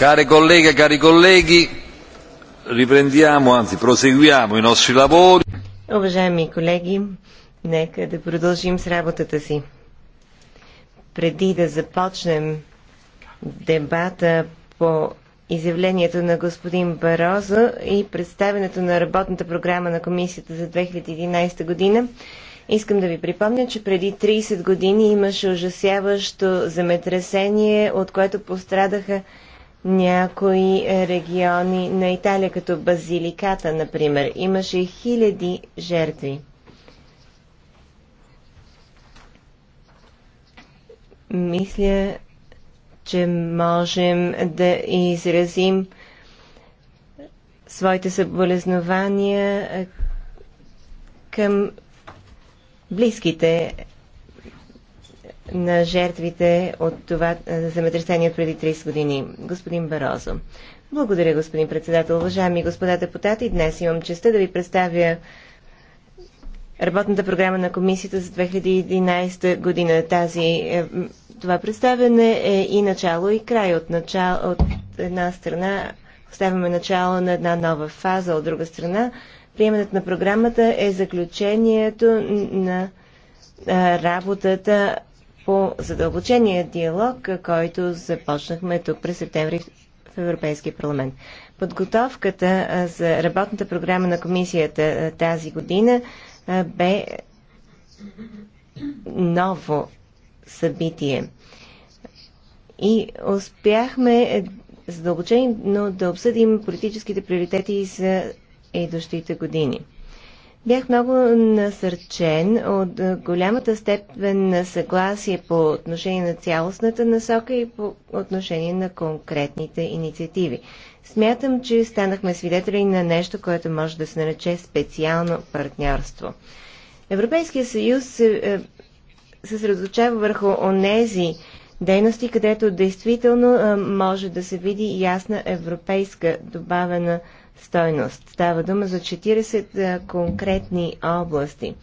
Care colleghe, cari colleghi, riprendiamo, anzi proseguiamo i nostri lavori. Уважаеми колеги, нека да продължим с работата си. Преди да започнем дебата по изявлението на господин Барозо и представенето на работната програма на комисията за 2011 година, Искам да ви припомня, че преди 30 години имаше ужасяващо земетресение, от което пострадаха някои региони на Италия, като Базиликата, например. Имаше хиляди жертви. Мисля, че можем да изразим своите съболезнования към близките на жертвите от това е, земетресение преди 30 години. Господин Барозо. Благодаря, господин председател. Уважаеми господа депутати, днес имам честа да ви представя работната програма на комисията за 2011 година. Тази, е, това представяне е и начало, и край от, начало, от една страна. Оставяме начало на една нова фаза, от друга страна. Приемането на програмата е заключението на работата по задълбочения диалог, който започнахме тук през септември в Европейския парламент. Подготовката за работната програма на комисията тази година бе ново събитие. И успяхме е, задълбочено да обсъдим политическите приоритети за идващите години. Бях много насърчен от голямата степен на съгласие по отношение на цялостната насока и по отношение на конкретните инициативи. Смятам, че станахме свидетели на нещо, което може да се нарече специално партньорство. Европейския съюз се е, съсредоточава върху онези дейности, където действително е, може да се види ясна европейска добавена стойност. Става дума за 40 конкретни области.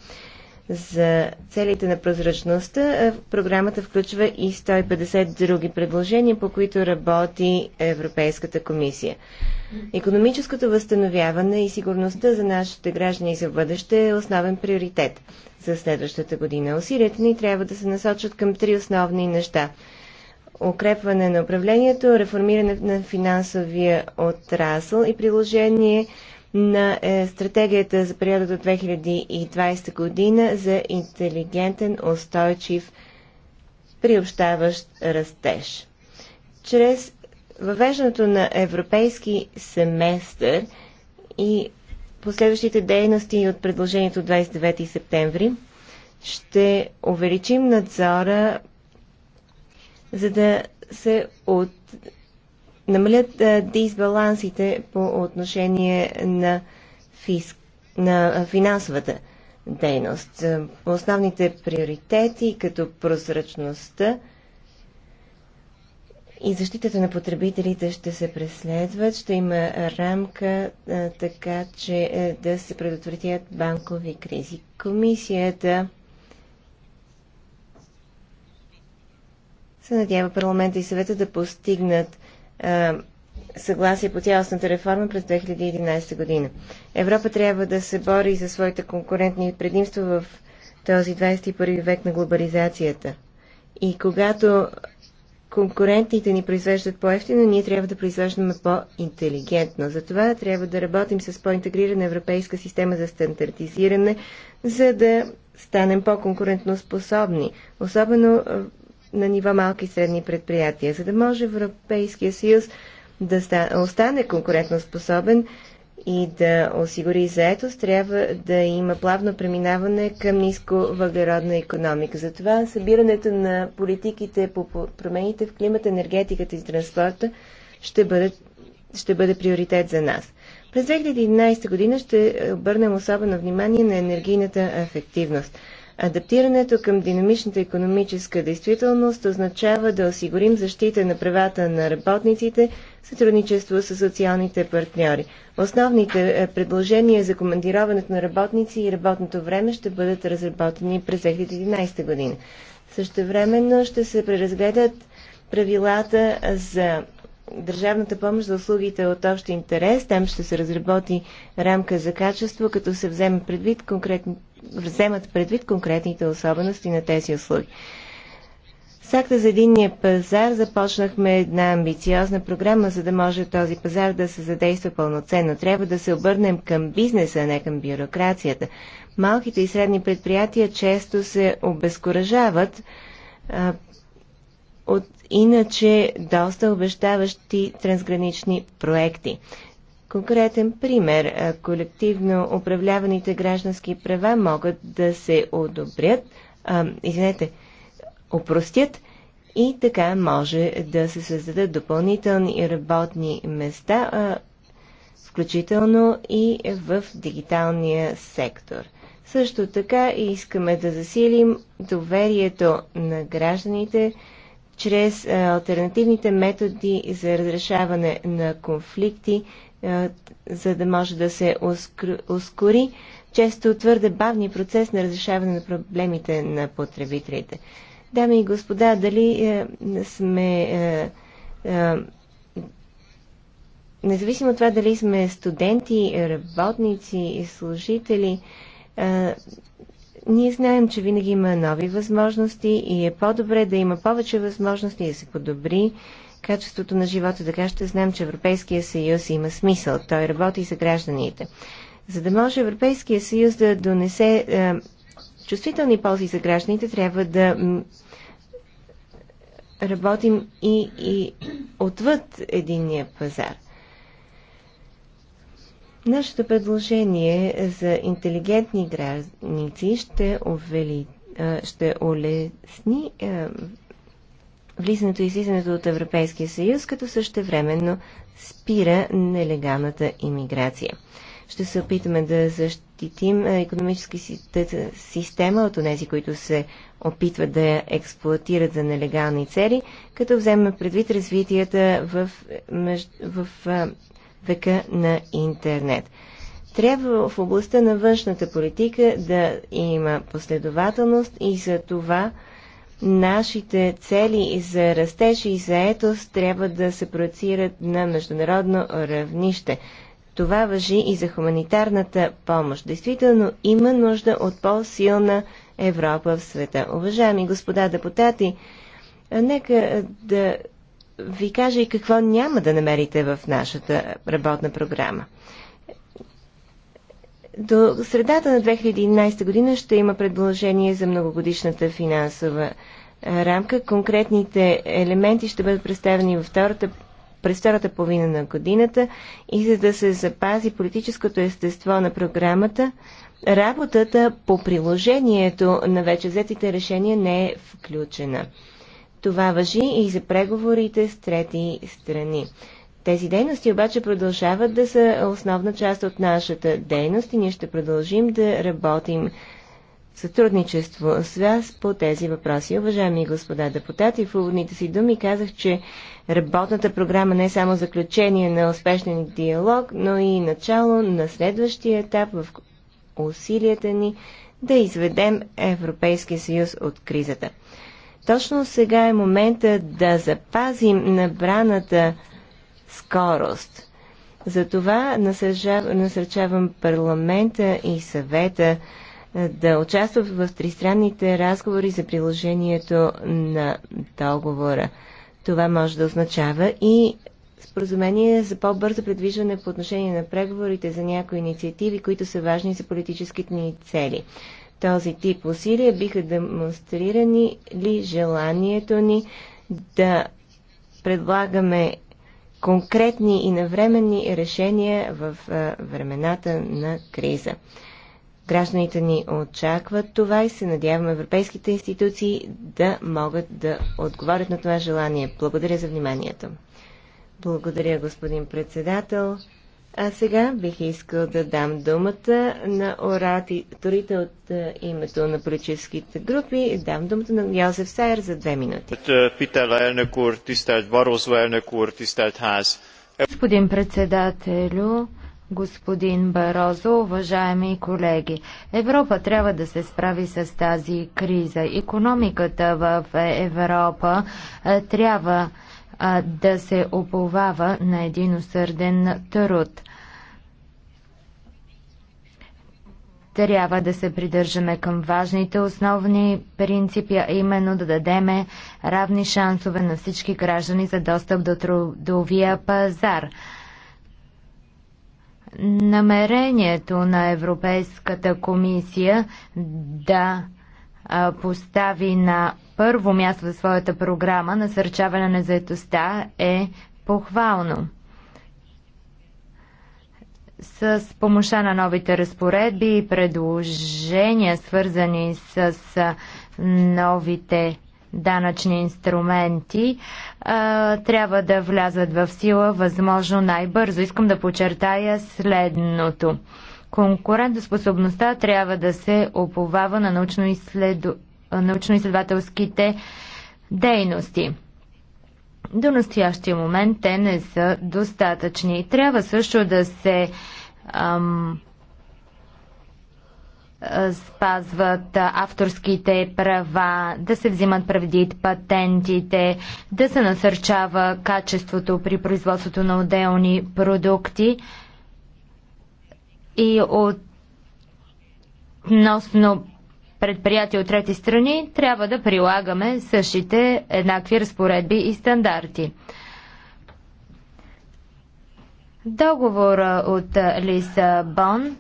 За целите на прозрачността програмата включва и 150 други предложения, по които работи Европейската комисия. Економическото възстановяване и сигурността за нашите граждани и за бъдеще е основен приоритет за следващата година. Усилията ни трябва да се насочат към три основни неща – укрепване на управлението, реформиране на финансовия отрасъл и приложение на е, стратегията за периода до 2020 година за интелигентен, устойчив, приобщаващ растеж. Чрез въвеждането на европейски семестър и последващите дейности от предложението 29 септември ще увеличим надзора за да се от... намалят дисбалансите по отношение на, фиск... на финансовата дейност. Е, основните приоритети, като прозрачността и защитата на потребителите ще се преследват, ще има рамка така, че е, да се предотвратят банкови кризи. Комисията се надява парламента и съвета да постигнат а, съгласие по цялостната реформа през 2011 година. Европа трябва да се бори за своите конкурентни предимства в този 21 век на глобализацията. И когато конкурентните ни произвеждат по-ефтино, ние трябва да произвеждаме по-интелигентно. Затова трябва да работим с по-интегрирана европейска система за стандартизиране, за да станем по-конкурентно способни, особено на нива малки и средни предприятия. За да може Европейския съюз да остане конкурентоспособен и да осигури заетост, трябва да има плавно преминаване към ниско въглеродна економика. Затова събирането на политиките по промените в климата, енергетиката и транспорта ще бъде, ще бъде приоритет за нас. През 2011 година ще обърнем особено внимание на енергийната ефективност. Адаптирането към динамичната економическа действителност означава да осигурим защита на правата на работниците, сътрудничество с социалните партньори. Основните е, предложения за командироването на работници и работното време ще бъдат разработени през 2011 година. Същевременно ще се преразгледат правилата за държавната помощ за услугите от общ интерес. Там ще се разработи рамка за качество, като се вземе предвид конкретните вземат предвид конкретните особености на тези услуги. С акта за единния пазар започнахме една амбициозна програма, за да може този пазар да се задейства пълноценно. Трябва да се обърнем към бизнеса, а не към бюрокрацията. Малките и средни предприятия често се обезкуражават а, от иначе доста обещаващи трансгранични проекти конкретен пример. Колективно управляваните граждански права могат да се одобрят, а, извинете, опростят и така може да се създадат допълнителни работни места, а, включително и в дигиталния сектор. Също така искаме да засилим доверието на гражданите чрез альтернативните методи за разрешаване на конфликти е, за да може да се ускори често твърде бавни процес на разрешаване на проблемите на потребителите. Дами и господа, дали е, сме е, независимо от това дали сме студенти, работници и служители, ние знаем, че винаги има нови възможности и е по-добре да има повече възможности да се подобри качеството на живота, така ще знам, че Европейския съюз има смисъл. Той работи за гражданите. За да може Европейския съюз да донесе е, чувствителни ползи за гражданите, трябва да работим и, и отвъд единния пазар. Нашето предложение за интелигентни граници ще, увели, е, ще улесни е, влизането и излизането от Европейския съюз, като същевременно спира нелегалната иммиграция. Ще се опитаме да защитим е, економическата система от тези, които се опитват да я експлуатират за нелегални цели, като вземем предвид развитията в, в, в века на интернет. Трябва в областта на външната политика да има последователност и за това нашите цели за растеж и заетост трябва да се проецират на международно равнище. Това въжи и за хуманитарната помощ. Действително има нужда от по-силна Европа в света. Уважаеми господа депутати, нека да ви кажа и какво няма да намерите в нашата работна програма. До средата на 2011 година ще има предложение за многогодишната финансова рамка. Конкретните елементи ще бъдат представени във втората, през втората половина на годината и за да се запази политическото естество на програмата, работата по приложението на вече взетите решения не е включена. Това въжи и за преговорите с трети страни. Тези дейности обаче продължават да са основна част от нашата дейност и ние ще продължим да работим в сътрудничество с вас по тези въпроси. Уважаеми господа депутати, в уводните си думи казах, че работната програма не е само заключение на успешен диалог, но и начало на следващия етап в усилията ни да изведем Европейския съюз от кризата. Точно сега е момента да запазим набраната скорост. Затова насърчавам парламента и съвета е, да участват в тристранните разговори за приложението на договора. Това може да означава и споразумение за по-бързо предвижване по отношение на преговорите за някои инициативи, които са важни за политическите ни цели. Този тип усилия биха демонстрирани ли желанието ни да предлагаме конкретни и навременни решения в времената на криза. Гражданите ни очакват това и се надяваме европейските институции да могат да отговорят на това желание. Благодаря за вниманието. Благодаря, господин председател. А сега бих искал да дам думата на ораторите от е, името на политическите групи. Дам думата на Йозеф Сайер за две минути. Е, е, господин председателю, господин Барозо, уважаеми колеги. Европа трябва да се справи с тази криза. Економиката в Европа трябва да се оповава на един усърден труд. трябва да се придържаме към важните основни принципи, а именно да дадеме равни шансове на всички граждани за достъп до трудовия пазар. Намерението на Европейската комисия да постави на първо място за своята програма насърчаване на заетостта е похвално. С помощта на новите разпоредби и предложения, свързани с новите данъчни инструменти трябва да влязат в сила възможно най-бързо. Искам да подчертая следното. Конкурентоспособността трябва да се оповава на научно-изследователските дейности. До настоящия момент те не са достатъчни. Трябва също да се ам, спазват авторските права, да се взимат предвид патентите, да се насърчава качеството при производството на отделни продукти и относно предприятия от трети страни, трябва да прилагаме същите еднакви разпоредби и стандарти. Договора от Лисабон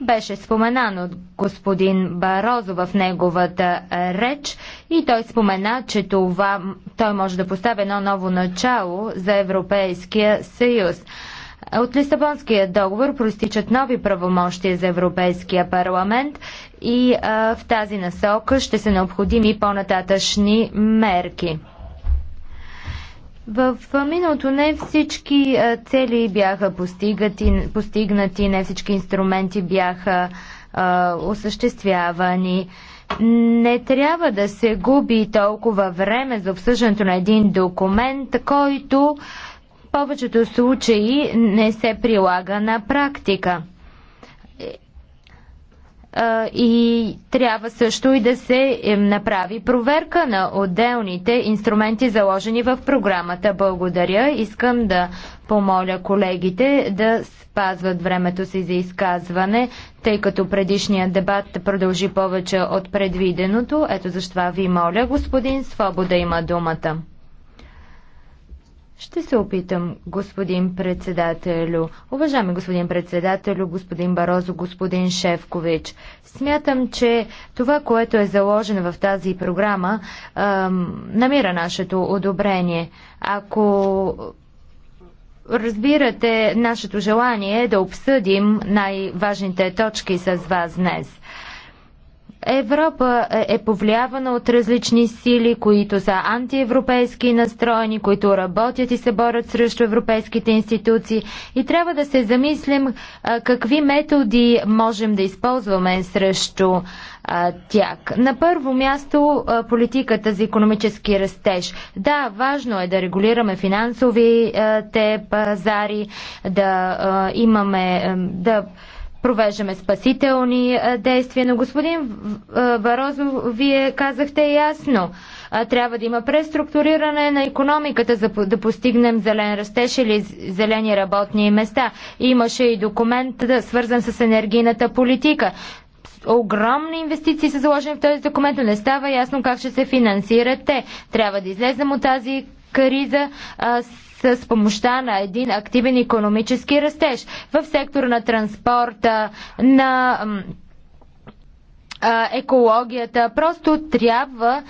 беше споменан от господин Барозо в неговата реч и той спомена, че това той може да постави едно ново начало за Европейския съюз. От Лисабонския договор проистичат нови правомощия за Европейския парламент и а, в тази насока ще са необходими по-нататъчни мерки. В миналото не всички цели бяха постигати, постигнати, не всички инструменти бяха а, осъществявани. Не трябва да се губи толкова време за обсъждането на един документ, който повечето случаи не се прилага на практика. Е, и трябва също и да се е, направи проверка на отделните инструменти, заложени в програмата. Благодаря. Искам да помоля колегите да спазват времето си за изказване, тъй като предишният дебат продължи повече от предвиденото. Ето защо ви моля, господин Свобода има думата. Ще се опитам, господин председателю. Уважаеми господин председателю, господин Барозо, господин Шевкович. Смятам, че това, което е заложено в тази програма, ам, намира нашето одобрение. Ако разбирате нашето желание е да обсъдим най-важните точки с вас днес – Европа е, е повлиявана от различни сили, които са антиевропейски настроени, които работят и се борят срещу европейските институции. И трябва да се замислим какви методи можем да използваме срещу тях. На първо място политиката за економически растеж. Да, важно е да регулираме финансовите пазари, да имаме да провеждаме спасителни действия, но господин Варозов, вие казахте ясно, трябва да има преструктуриране на економиката, за да постигнем зелен растеж или зелени работни места. Имаше и документ, свързан с енергийната политика. Огромни инвестиции са заложени в този документ, но не става ясно как ще се финансират те. Трябва да излезем от тази криза с помощта на един активен економически растеж в сектора на транспорта, на екологията. Просто трябва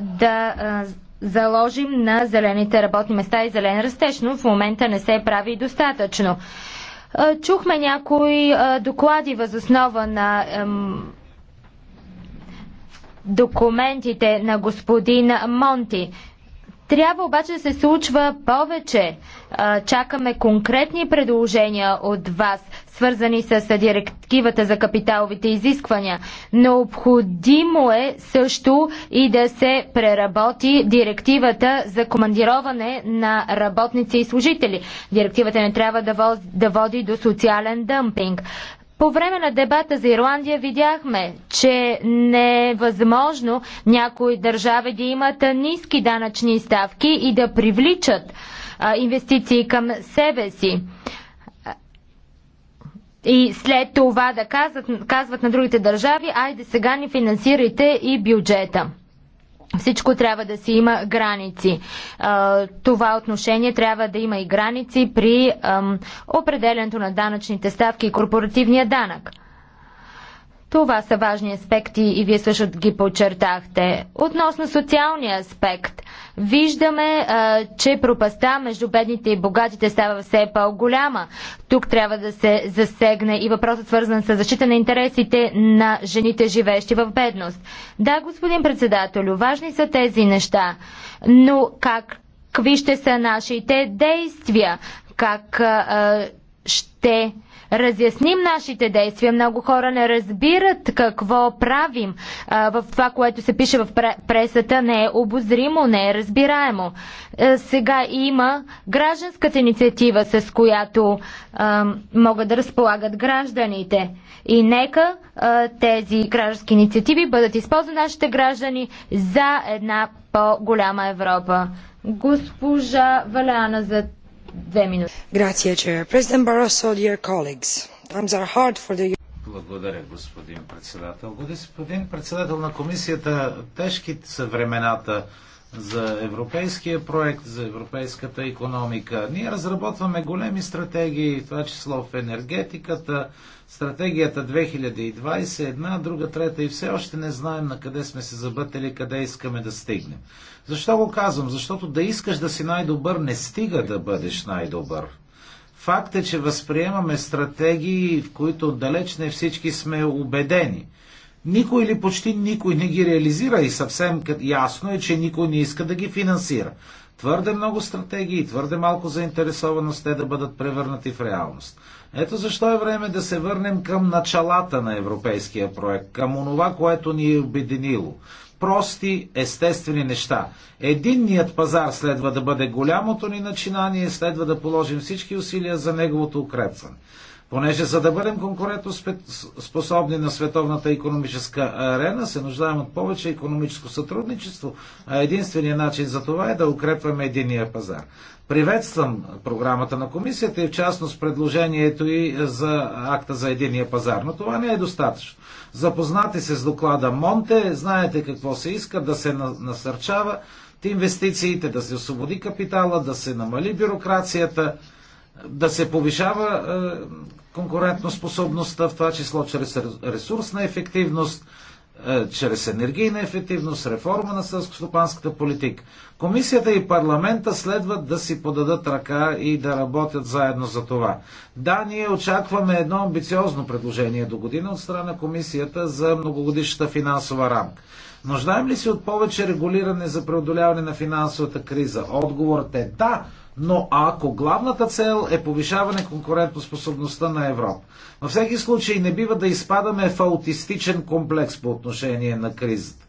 да заложим на зелените работни места и зелен растеж, но в момента не се прави достатъчно. Чухме някои доклади възоснова на документите на господин Монти. Трябва обаче да се случва повече. Чакаме конкретни предложения от вас, свързани с директивата за капиталовите изисквания. Необходимо е също и да се преработи директивата за командироване на работници и служители. Директивата не трябва да води до социален дъмпинг. По време на дебата за Ирландия видяхме, че не е възможно някои държави да имат ниски данъчни ставки и да привличат инвестиции към себе си. И след това да казват, казват на другите държави, айде сега ни финансирайте и бюджета. Всичко трябва да си има граници. Това отношение трябва да има и граници при определенето на данъчните ставки и корпоративния данък. Това са важни аспекти и вие също ги подчертахте. Относно социалния аспект, виждаме, а, че пропаста между бедните и богатите става все по-голяма. Тук трябва да се засегне и въпросът свързан с защита на интересите на жените, живещи в бедност. Да, господин председател, важни са тези неща, но как Какви ще са нашите действия? Как а, ще разясним нашите действия. Много хора не разбират какво правим. В това, което се пише в пресата, не е обозримо, не е разбираемо. Сега има гражданската инициатива, с която могат да разполагат гражданите. И нека тези граждански инициативи бъдат използвани нашите граждани за една по-голяма Европа. Госпожа Валяна за благодаря, господин председател. Господин председател на комисията, тежки са времената за европейския проект, за европейската економика. Ние разработваме големи стратегии, в това число в енергетиката, стратегията 2020, една, друга, трета и все още не знаем на къде сме се забътели, къде искаме да стигнем. Защо го казвам? Защото да искаш да си най-добър не стига да бъдеш най-добър. Факт е, че възприемаме стратегии, в които далеч не всички сме убедени – никой или почти никой не ги реализира и съвсем ясно е, че никой не иска да ги финансира. Твърде много стратегии, твърде малко заинтересованост те да бъдат превърнати в реалност. Ето защо е време да се върнем към началата на европейския проект, към онова, което ни е обединило. Прости, естествени неща. Единният пазар следва да бъде голямото ни начинание, следва да положим всички усилия за неговото укрепване. Понеже за да бъдем конкурентоспособни на световната економическа арена, се нуждаем от повече економическо сътрудничество, а единственият начин за това е да укрепваме единия пазар. Приветствам програмата на комисията и в частност предложението и за акта за единия пазар, но това не е достатъчно. Запознати се с доклада Монте, знаете какво се иска да се насърчава инвестициите, да се освободи капитала, да се намали бюрокрацията, да се повишава е, конкурентоспособността, в това число чрез ресурсна ефективност, е, чрез енергийна ефективност, реформа на сълскостопанската политика. Комисията и парламента следват да си подадат ръка и да работят заедно за това. Да, ние очакваме едно амбициозно предложение до година от страна на комисията за многогодишната финансова рамка. Нуждаем ли се от повече регулиране за преодоляване на финансовата криза? Отговорът е да, но ако главната цел е повишаване конкурентоспособността на Европа. Във всеки случай не бива да изпадаме в аутистичен комплекс по отношение на кризата.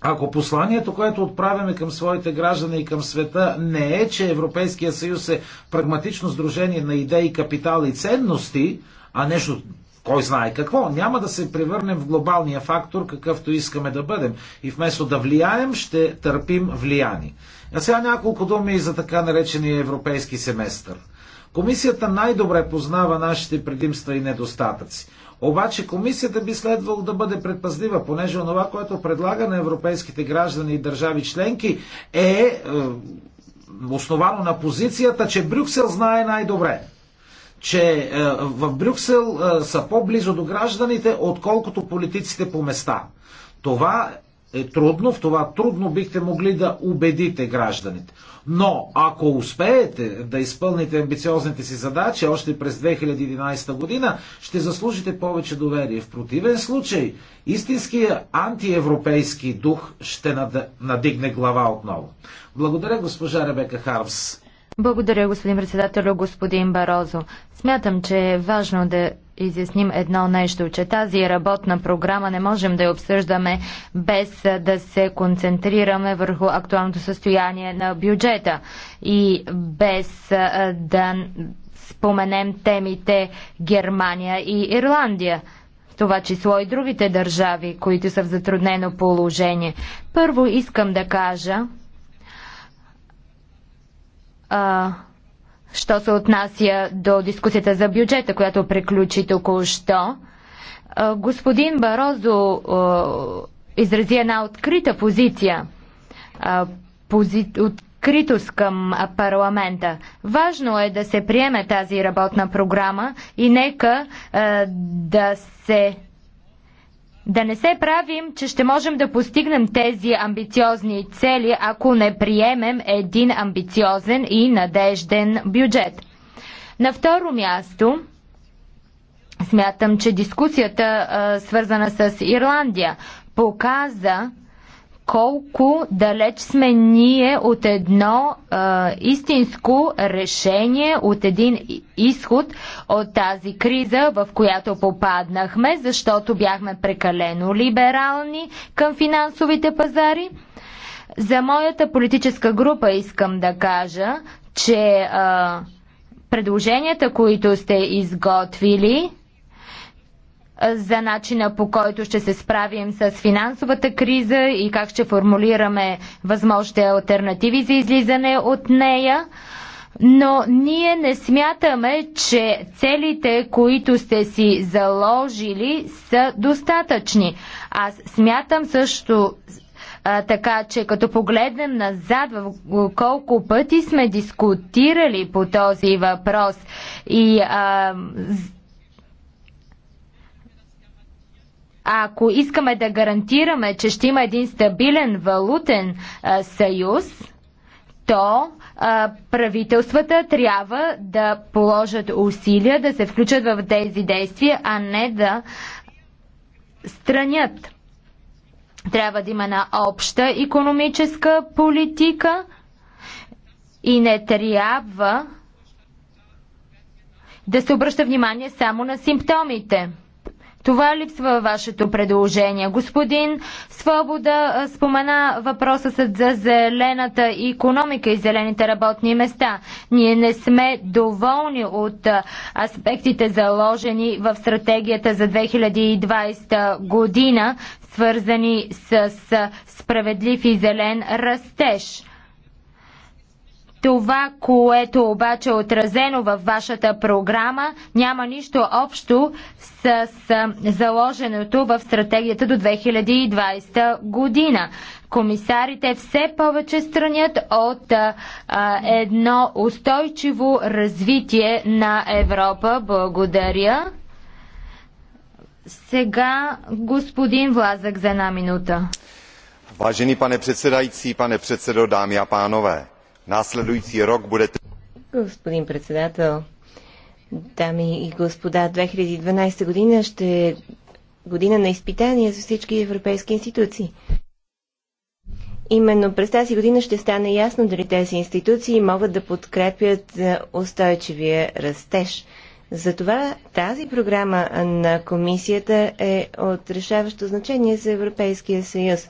Ако посланието, което отправяме към своите граждани и към света не е, че Европейския съюз е прагматично сдружение на идеи, капитал и ценности, а нещо кой знае какво, няма да се превърнем в глобалния фактор, какъвто искаме да бъдем. И вместо да влияем, ще търпим влияние. А сега няколко думи и за така наречения европейски семестър. Комисията най-добре познава нашите предимства и недостатъци. Обаче комисията би следвало да бъде предпазлива, понеже онова, което предлага на европейските граждани и държави членки е, е основано на позицията, че Брюксел знае най-добре че е, в Брюксел е, са по-близо до гражданите, отколкото политиците по места. Това е трудно, в това трудно бихте могли да убедите гражданите. Но ако успеете да изпълните амбициозните си задачи още през 2011 година, ще заслужите повече доверие. В противен случай, истинския антиевропейски дух ще надигне глава отново. Благодаря госпожа Ребека Харвс. Благодаря, господин председател, господин Барозо. Смятам, че е важно да изясним едно нещо, че тази работна програма не можем да я обсъждаме без да се концентрираме върху актуалното състояние на бюджета и без да споменем темите Германия и Ирландия това число и другите държави, които са в затруднено положение. Първо искам да кажа, а, що се отнася до дискусията за бюджета, която приключи току-що, господин Барозо а, изрази една открита позиция, а, пози... откритост към парламента. Важно е да се приеме тази работна програма и нека да се да не се правим, че ще можем да постигнем тези амбициозни цели, ако не приемем един амбициозен и надежден бюджет. На второ място, смятам, че дискусията, свързана с Ирландия, показа, колко далеч сме ние от едно а, истинско решение, от един изход от тази криза, в която попаднахме, защото бяхме прекалено либерални към финансовите пазари. За моята политическа група искам да кажа, че а, предложенията, които сте изготвили, за начина по който ще се справим с финансовата криза и как ще формулираме възможните альтернативи за излизане от нея. Но ние не смятаме, че целите, които сте си заложили, са достатъчни. Аз смятам също а, така, че като погледнем назад, колко пъти сме дискутирали по този въпрос и а, Ако искаме да гарантираме, че ще има един стабилен валутен а, съюз, то а, правителствата трябва да положат усилия да се включат в тези действия, а не да странят. Трябва да има една обща економическа политика и не трябва да се обръща внимание само на симптомите. Това липсва вашето предложение. Господин Свобода спомена въпроса за зелената економика и зелените работни места. Ние не сме доволни от аспектите заложени в стратегията за 2020 година, свързани с справедлив и зелен растеж. Това, което обаче е отразено във вашата програма, няма нищо общо с, с заложеното в стратегията до 2020 година. Комисарите все повече странят от а, едно устойчиво развитие на Европа. Благодаря. Сега господин Влазък за една минута. Vážený пане předsedající, пане председо, дами и панове. Následující rok bude... Господин председател, дами и господа, 2012 година ще е година на изпитание за всички европейски институции. Именно през тази година ще стане ясно дали тези институции могат да подкрепят е, устойчивия растеж. Затова тази програма на комисията е от решаващо значение за Европейския съюз.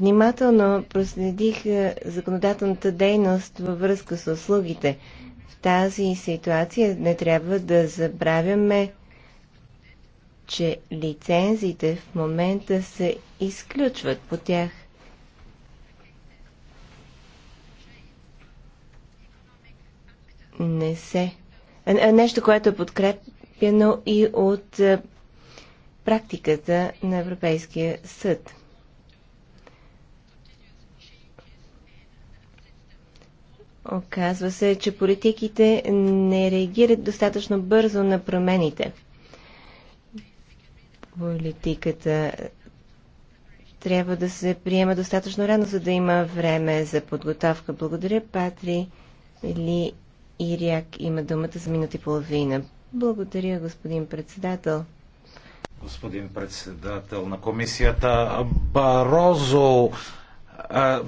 Внимателно проследих е, законодателната дейност във връзка с услугите. В тази ситуация не трябва да забравяме, че лицензиите в момента се изключват по тях. Не се. Нещо, което е подкрепено и от е, практиката на Европейския съд. Оказва се, че политиките не реагират достатъчно бързо на промените. Политиката трябва да се приема достатъчно рано, за да има време за подготовка. Благодаря, Патри или Иряк има думата за минути и половина. Благодаря, господин председател. Господин председател на комисията Барозо,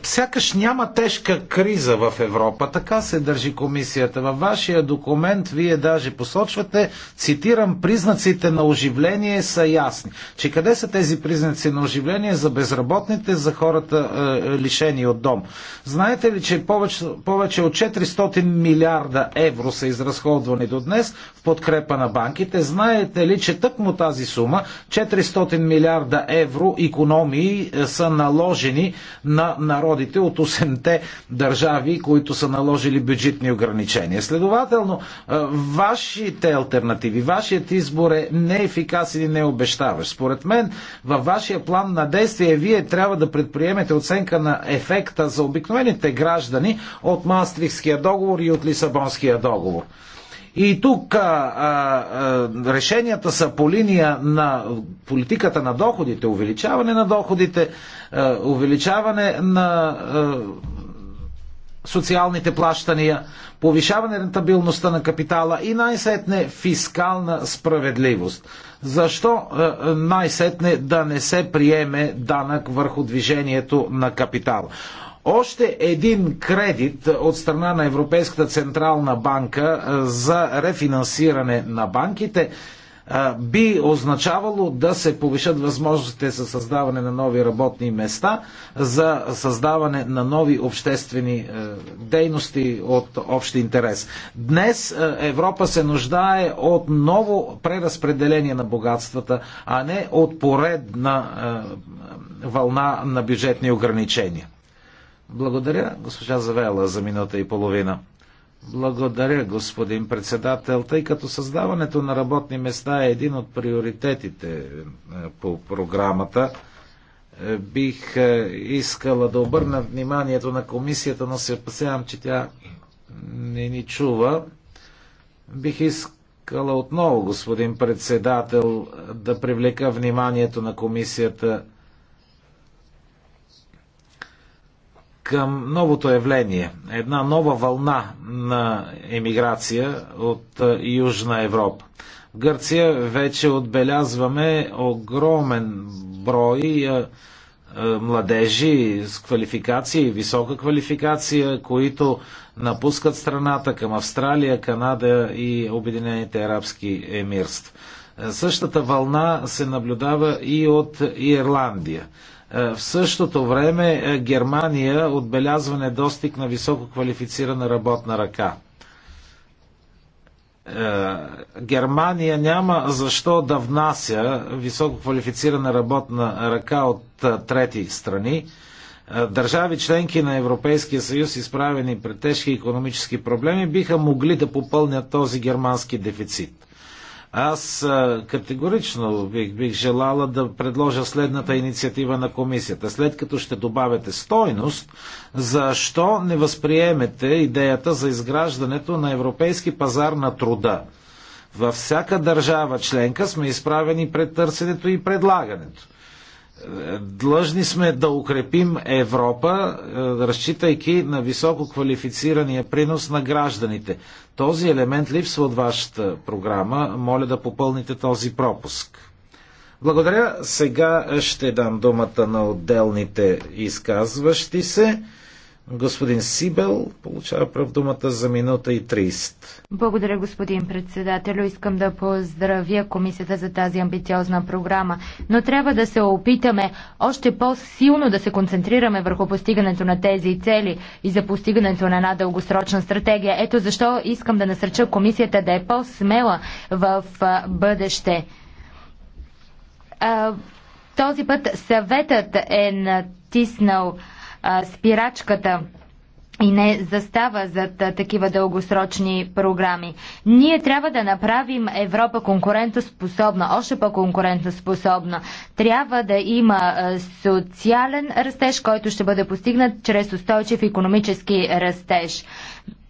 сякаш няма тежка криза в Европа. Така се държи комисията. Във вашия документ вие даже посочвате, цитирам, признаците на оживление са ясни. Че къде са тези признаци на оживление за безработните, за хората е, е лишени от дом? Знаете ли, че повече, повече от 400 милиарда евро са изразходвани до днес в подкрепа на банките? Знаете ли, че тъкмо тази сума, 400 милиарда евро економии е, са наложени на на народите от 8-те държави, които са наложили бюджетни ограничения. Следователно, е, вашите альтернативи, вашият избор е неефикасен и необещаващ. Според мен, във вашия план на действие вие трябва да предприемете оценка на ефекта за обикновените граждани от Мастрихския договор и от Лисабонския договор. И тук а, а, решенията са по линия на политиката на доходите, увеличаване на доходите, а, увеличаване на а, социалните плащания, повишаване рентабилността на капитала и най-сетне фискална справедливост. Защо най-сетне да не се приеме данък върху движението на капитала? Още един кредит от страна на Европейската централна банка за рефинансиране на банките би означавало да се повишат възможностите за създаване на нови работни места, за създаване на нови обществени дейности от общ интерес. Днес Европа се нуждае от ново преразпределение на богатствата, а не от поредна вълна на бюджетни ограничения. Благодаря, госпожа Завела, за минута и половина. Благодаря, господин председател, тъй като създаването на работни места е един от приоритетите е, по програмата. Е, бих е, искала да обърна вниманието на комисията, но се опасявам, че тя не ни чува. Бих искала отново, господин председател, да привлека вниманието на комисията към новото явление, една нова вълна на емиграция от е, Южна Европа. В Гърция вече отбелязваме огромен брой е, е, младежи с квалификация и висока квалификация, които напускат страната към Австралия, Канада и Обединените арабски емирства. Същата вълна се наблюдава и от Ирландия. Е, в същото време е, Германия отбелязва недостиг на високо квалифицирана работна ръка. Е, Германия няма защо да внася високо квалифицирана работна ръка от трети страни. Държави членки на Европейския съюз, изправени пред тежки економически проблеми, биха могли да попълнят този германски дефицит. Аз категорично бих, бих желала да предложа следната инициатива на комисията. След като ще добавяте стойност, защо не възприемете идеята за изграждането на европейски пазар на труда? Във всяка държава членка сме изправени пред търсенето и предлагането. Длъжни сме да укрепим Европа, е, разчитайки на високо квалифицирания принос на гражданите. Този елемент липсва от вашата програма. Моля да попълните този пропуск. Благодаря. Сега ще дам думата на отделните изказващи се. Господин Сибел получава прав думата за минута и 30. Благодаря, господин председател, Искам да поздравя комисията за тази амбициозна програма. Но трябва да се опитаме още по-силно да се концентрираме върху постигането на тези цели и за постигането на една дългосрочна стратегия. Ето защо искам да насърча комисията да е по-смела в бъдеще. Този път съветът е натиснал спирачката и не застава зад такива дългосрочни програми. Ние трябва да направим Европа конкурентоспособна, още по-конкурентоспособна. Трябва да има социален растеж, който ще бъде постигнат чрез устойчив економически растеж.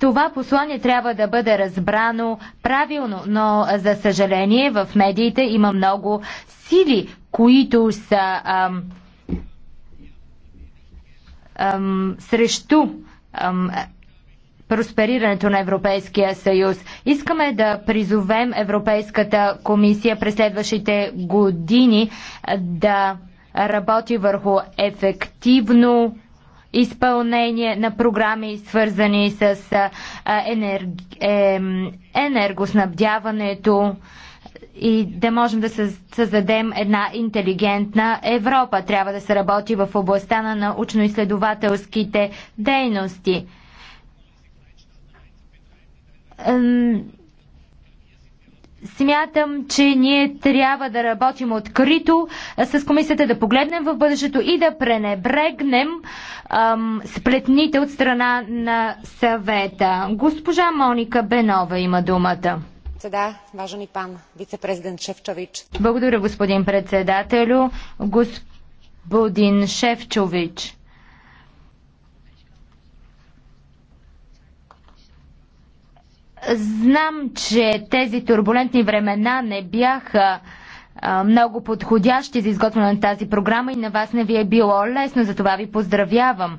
Това послание трябва да бъде разбрано правилно, но за съжаление в медиите има много сили, които са. Ам, ам, срещу ам, просперирането на Европейския съюз. Искаме да призовем Европейската комисия през следващите години да работи върху ефективно изпълнение на програми, свързани с енерг... енергоснабдяването, и да можем да създадем една интелигентна Европа. Трябва да се работи в областта на научно-изследователските дейности. Смятам, че ние трябва да работим открито с комисията, да погледнем в бъдещето и да пренебрегнем ам, сплетните от страна на съвета. Госпожа Моника Бенова има думата. Благодаря, господин председателю. Господин Шефчович, знам, че тези турбулентни времена не бяха много подходящи за изготвяне на тази програма и на вас не ви е било лесно, за това ви поздравявам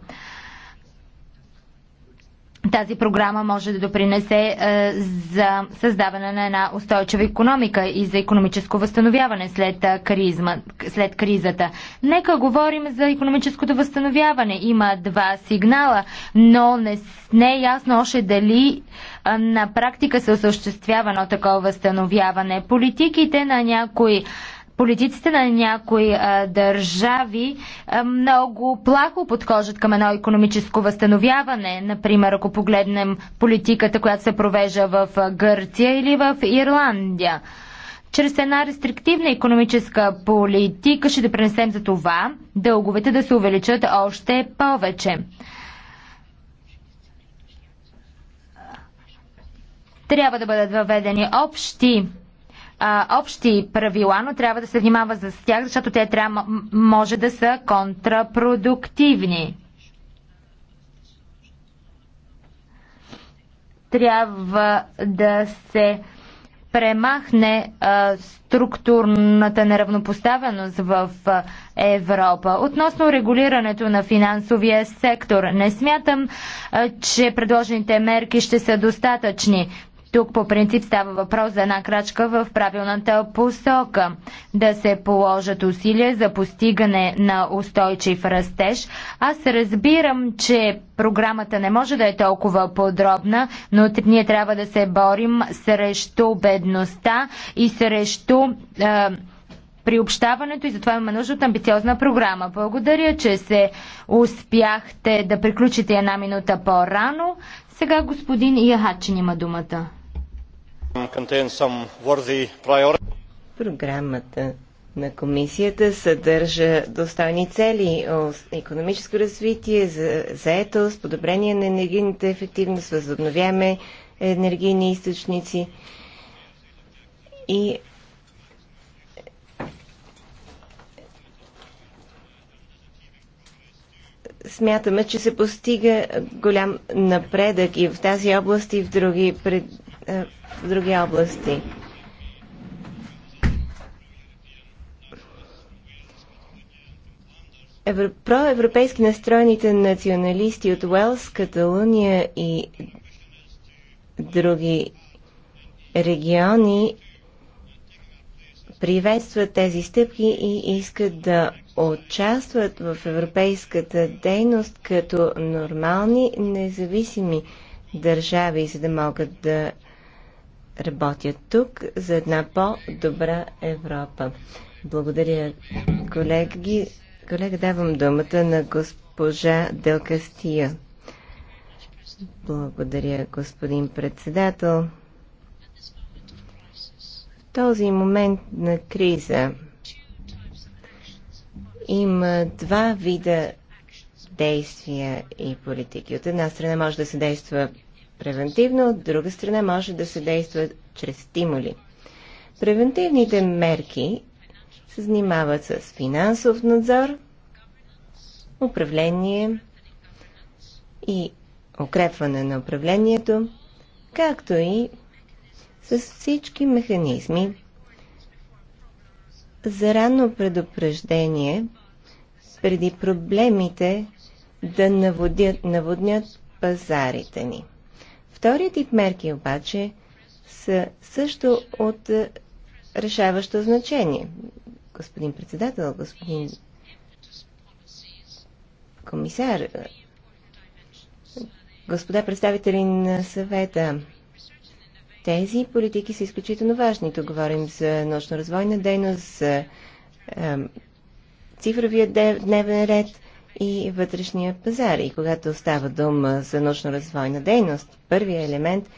тази програма може да допринесе е, за създаване на една устойчива економика и за економическо възстановяване след, е, каризма, след кризата. Нека говорим за економическото възстановяване. Има два сигнала, но не, не е ясно още дали е, на практика се осъществява едно такова възстановяване. Политиките на някои Политиците на някои а, държави а, много плахо подхождат към едно економическо възстановяване. Например, ако погледнем политиката, която се провежда в Гърция или в Ирландия. Чрез една рестриктивна економическа политика ще принесем за това дълговете да се увеличат още повече. Трябва да бъдат въведени общи а, общи правила, но трябва да се внимава за тях, защото те трябва, може да са контрапродуктивни. Трябва да се премахне а, структурната неравнопоставеност в а, Европа. Относно регулирането на финансовия сектор, не смятам, а, че предложените мерки ще са достатъчни. Тук по принцип става въпрос за една крачка в правилната посока. Да се положат усилия за постигане на устойчив растеж. Аз разбирам, че програмата не може да е толкова подробна, но ние трябва да се борим срещу бедността и срещу. Е, приобщаването и затова имаме нужда от амбициозна програма. Благодаря, че се успяхте да приключите една минута по-рано. Сега господин Яхачин има думата. Програмата на комисията съдържа достойни цели економическо развитие, заетост, подобрение на енергийната ефективност, възобновяме енергийни източници и смятаме, че се постига голям напредък и в тази област и в други пред е, в други области. Евро... Проевропейски настроените националисти от Уелс, Каталуния и други региони приветстват тези стъпки и искат да участват в европейската дейност като нормални, независими държави, за да могат да Работя тук за една по-добра Европа. Благодаря, колеги. Колега, давам думата на госпожа Делкастия. Благодаря, господин председател. В този момент на криза има два вида действия и политики. От една страна може да се действа превентивно, от друга страна може да се действа чрез стимули. Превентивните мерки се занимават с финансов надзор, управление и укрепване на управлението, както и с всички механизми за ранно предупреждение преди проблемите да наводят, наводнят пазарите ни. Вторият тип мерки обаче са също от е, решаващо значение. Господин председател, господин комисар, е, господа представители на съвета, тези политики са изключително важни. Тук говорим за научно-развойна дейност, за цифровия дневен ред – и вътрешния пазар. И когато става дума за научно-развойна дейност, първия елемент,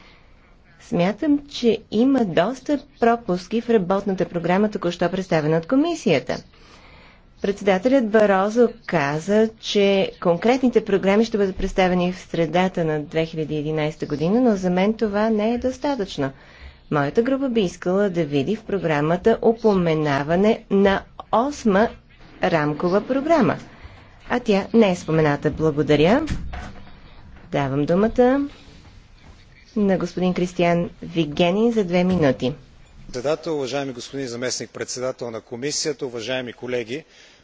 смятам, че има доста пропуски в работната програма, току-що представена от комисията. Председателят Барозо каза, че конкретните програми ще бъдат представени в средата на 2011 година, но за мен това не е достатъчно. Моята група би искала да види в програмата упоменаване на осма рамкова програма. А тя не е спомената. Благодаря. Давам думата на господин Кристиан Вигени за две минути. Председател, уважаеми господин заместник председател на комисията, уважаеми колеги!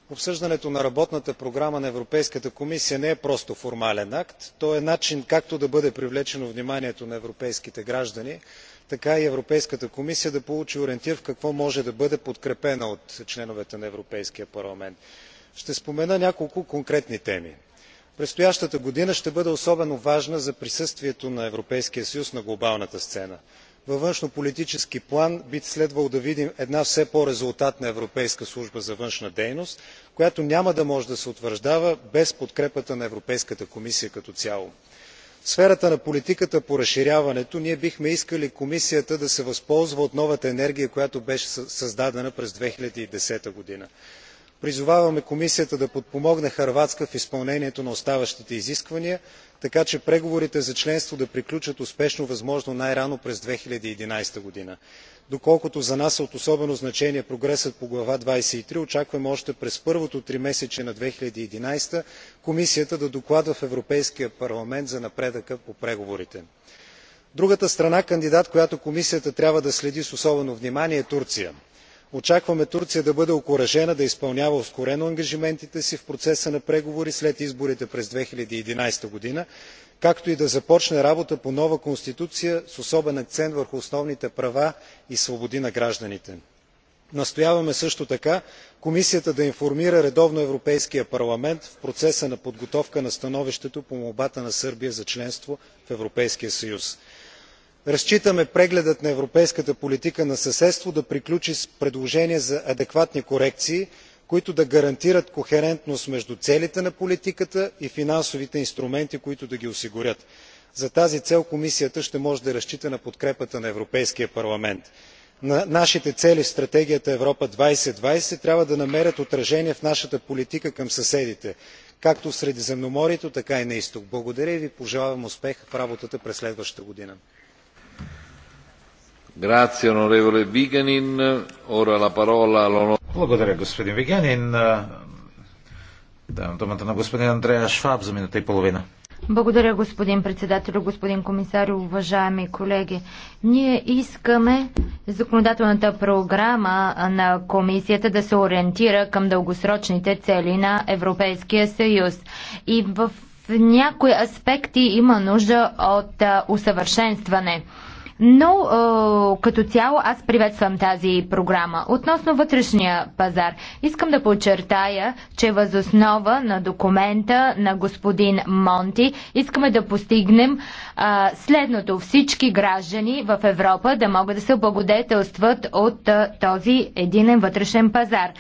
Обсъждането на работната програма на Европейската комисия не е просто формален акт. То е начин както да бъде привлечено вниманието на европейските граждани, така и Европейската комисия да получи ориентир в какво може да бъде подкрепена от членовете на Европейския парламент ще спомена няколко конкретни теми. предстоящата година ще бъде особено важна за присъствието на европейския съюз на глобалната сцена. във външнополитически план би следвало да видим една все по резултатна европейска служба за външна дейност която няма да може да се утвърждава без подкрепата на европейската комисия като цяло. в сферата на политиката по разширяването ние бихме искали комисията да се възползва от новата енергия която беше създадена през две хиляди и десета г призоваваме комисията да подпомогне хърватска в изпълнението на оставащите изисквания така че преговорите за членство да приключат успешно възможно най рано през. две хиляди и единадесета г. доколкото за нас е от особено значение прогресът по глава двадесет и три очакваме още през първото тримесечие на две хиляди и единадесета комисията да докладва в европейския парламент за напредъка по преговорите. другата страна кандидат която комисията трябва да следи с особено внимание е турция очакваме турция да бъде окуражена да изпълнява ускорено ангажиментите си в процеса на преговори след изборите през две хиляди и единадесета г. както и да започне работа по нова конституция с особен акцент върху основните права и свободи на гражданите. настояваме също така комисията да информира редовно европейския парламент в процеса на подготовка на становището по молбата на сърбия за членство в европейския съюз разчитаме прегледът на европейската политика на съседство да приключи с предложения за адекватни корекции които да гарантират кохерентност между целите на политиката и финансовите инструменти които да ги осигурят. за тази цел комисията ще може да разчита на подкрепата на европейския парламент. нашите цели в стратегията европа две хиляди и двадесет трябва да намерят отражение в нашата политика към съседите както в средиземноморието така и на изток. благодаря и ви пожелавам успех в работата през следващата година. Благодаря, господин Виганин. Давам думата на господин Андрея Шваб за минута и половина. Благодаря, господин председател, господин комисар, уважаеми колеги. Ние искаме законодателната програма на комисията да се ориентира към дългосрочните цели на Европейския съюз. И в някои аспекти има нужда от усъвършенстване. Но е, като цяло аз приветствам тази програма. Относно вътрешния пазар, искам да подчертая, че възоснова на документа на господин Монти искаме да постигнем е, следното. Всички граждани в Европа да могат да се облагодетелстват от е, този единен вътрешен пазар.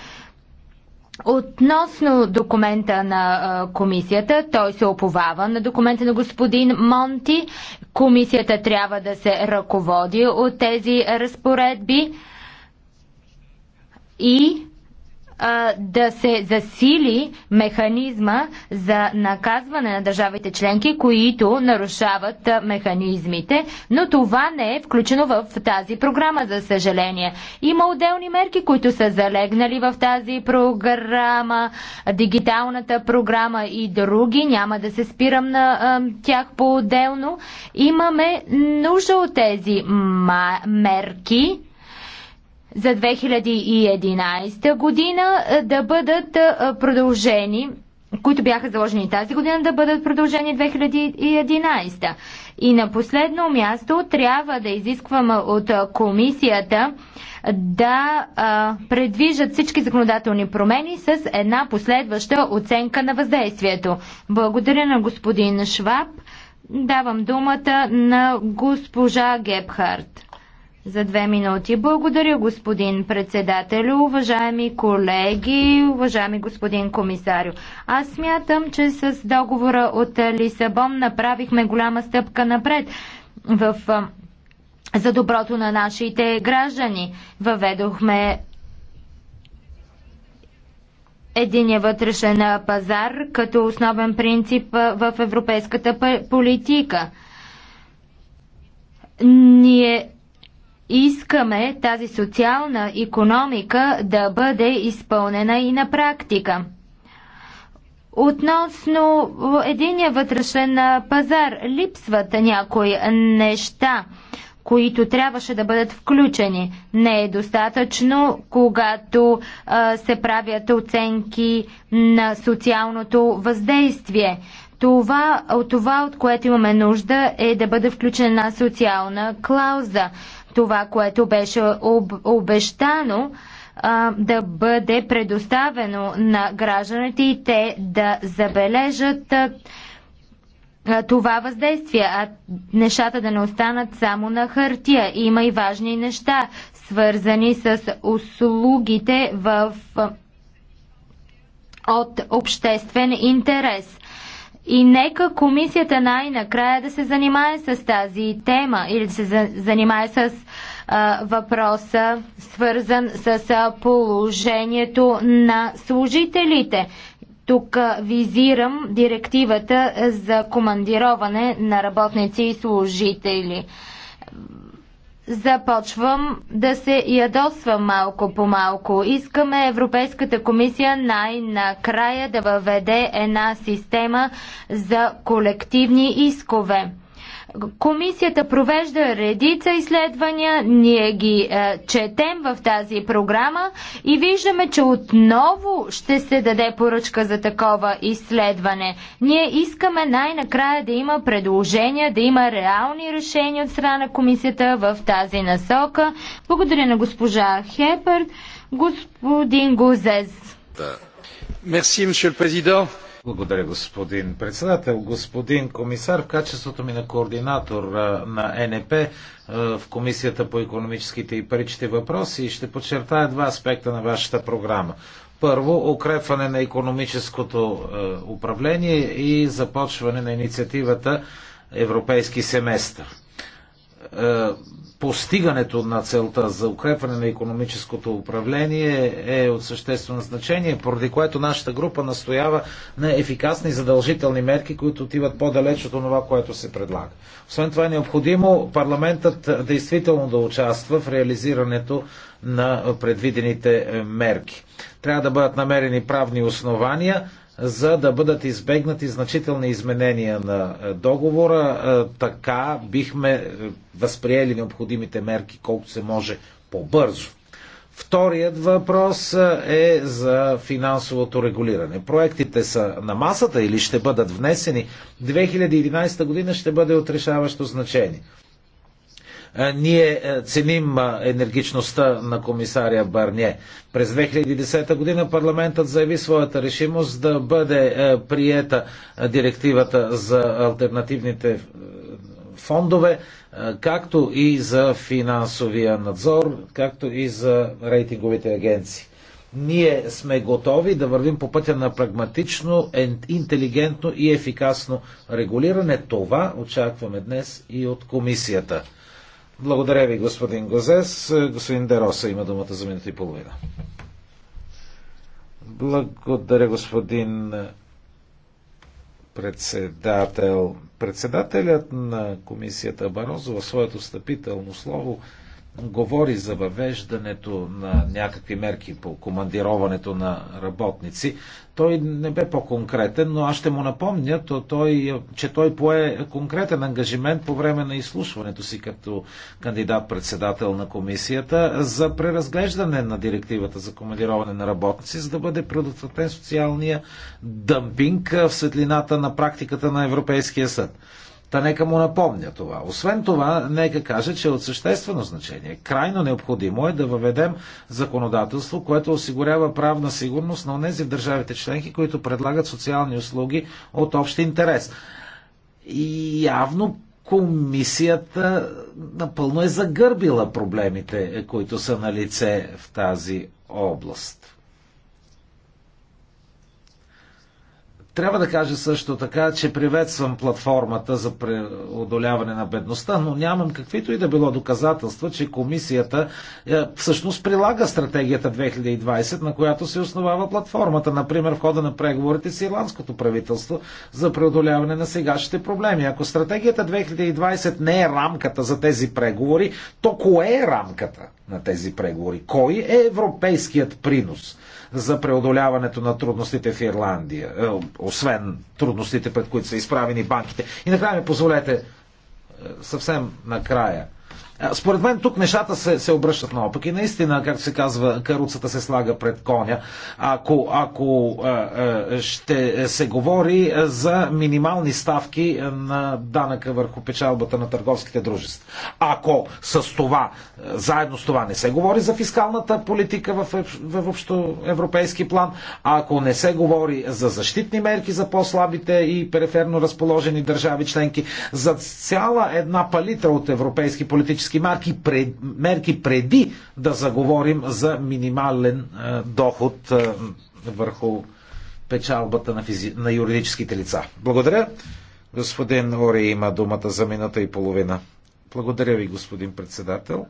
Относно документа на комисията, той се оповава на документа на господин Монти Комисията трябва да се ръководи от тези разпоредби и да се засили механизма за наказване на държавите членки, които нарушават механизмите, но това не е включено в тази програма, за съжаление. Има отделни мерки, които са залегнали в тази програма, дигиталната програма и други. Няма да се спирам на тях по-отделно. Имаме нужда от тези мерки за 2011 година е, да бъдат е, продължени, които бяха заложени тази година, да бъдат продължени 2011. И на последно място трябва да изискваме от е, комисията да а, предвижат всички законодателни промени с една последваща оценка на въздействието. Благодаря на господин Шваб. Давам думата на госпожа Гебхарт за две минути. Благодаря, господин председател, уважаеми колеги, уважаеми господин комисарио. Аз смятам, че с договора от Лисабон направихме голяма стъпка напред в за доброто на нашите граждани. Въведохме единия вътрешен пазар като основен принцип в европейската политика. Ние искаме тази социална економика да бъде изпълнена и на практика. Относно единия вътрешен пазар, липсват някои неща, които трябваше да бъдат включени. Не е достатъчно, когато а, се правят оценки на социалното въздействие. Това, това, от което имаме нужда, е да бъде включена социална клауза това, което беше об, обещано а, да бъде предоставено на гражданите и те да забележат а, това въздействие, а нещата да не останат само на хартия. Има и важни неща, свързани с услугите в от обществен интерес. И нека комисията най-накрая да се занимае с тази тема или да се за, занимае с а, въпроса, свързан с а, положението на служителите. Тук а, визирам директивата за командироване на работници и служители. А, започвам да се ядосвам малко по малко. Искаме Европейската комисия най-накрая да въведе една система за колективни искове. Комисията провежда редица изследвания, ние ги е, четем в тази програма и виждаме, че отново ще се даде поръчка за такова изследване. Ние искаме най-накрая да има предложения, да има реални решения от страна на комисията в тази насока. Благодаря на госпожа Хепард, господин Гузез. Мерси, президент. Благодаря, господин председател. Господин комисар, в качеството ми на координатор на НП в Комисията по економическите и паричните въпроси ще подчертая два аспекта на вашата програма. Първо, укрепване на економическото управление и започване на инициативата Европейски семестър. Е, постигането на целта за укрепване на економическото управление е от съществено значение, поради което нашата група настоява на ефикасни задължителни мерки, които отиват по-далеч от това, което се предлага. Освен това е необходимо парламентът действително да участва в реализирането на предвидените мерки. Трябва да бъдат намерени правни основания, за да бъдат избегнати значителни изменения на е, договора. Е, така бихме е, възприели необходимите мерки колкото се може по-бързо. Вторият въпрос е за финансовото регулиране. Проектите са на масата или ще бъдат внесени. 2011 година ще бъде отрешаващо значение. Ние е, ценим енергичността на комисаря Барние. През 2010 година парламентът заяви своята решимост да бъде е, приета директивата за альтернативните е, фондове, както и за финансовия надзор, както и за рейтинговите агенции. Ние сме готови да вървим по пътя на прагматично, интелигентно и ефикасно регулиране. Това очакваме днес и от комисията. Благодаря ви, господин Гозес. Господин Дероса има думата за минута и половина. Благодаря, господин председател. Председателят на комисията Барозова в своето встъпително слово говори за въвеждането на някакви мерки по командироването на работници. Той не бе по-конкретен, но аз ще му напомня, то той, че той пое конкретен ангажимент по време на изслушването си като кандидат-председател на комисията за преразглеждане на директивата за командироване на работници, за да бъде предотвратен социалния дъмпинг в светлината на практиката на Европейския съд. Та нека му напомня това. Освен това, нека каже, че е от съществено значение. Крайно необходимо е да въведем законодателство, което осигурява правна сигурност на тези в държавите членки, които предлагат социални услуги от общ интерес. И явно комисията напълно е загърбила проблемите, които са на лице в тази област. Трябва да кажа също така, че приветствам платформата за преодоляване на бедността, но нямам каквито и да било доказателства, че комисията е, всъщност прилага стратегията 2020, на която се основава платформата. Например, в хода на преговорите с ирландското правителство за преодоляване на сегашните проблеми. Ако стратегията 2020 не е рамката за тези преговори, то кое е рамката на тези преговори? Кой е европейският принос? за преодоляването на трудностите в Ирландия, е, освен трудностите, пред които са изправени банките. И накрая ми позволете е, съвсем накрая според мен тук нещата се, се обръщат наопак и наистина, както се казва, каруцата се слага пред коня. Ако, ако ще се говори за минимални ставки на данъка върху печалбата на търговските дружества. Ако с това, заедно с това не се говори за фискалната политика в, в общо европейски план, ако не се говори за защитни мерки за по-слабите и периферно разположени държави членки, за цяла една палитра от европейски политически економически марки, пред, мерки преди да заговорим за минимален а, е, доход а, е, върху печалбата на, физи... на юридическите лица. Благодаря. Господин Ори има думата за минута и половина. Благодаря ви, господин председател.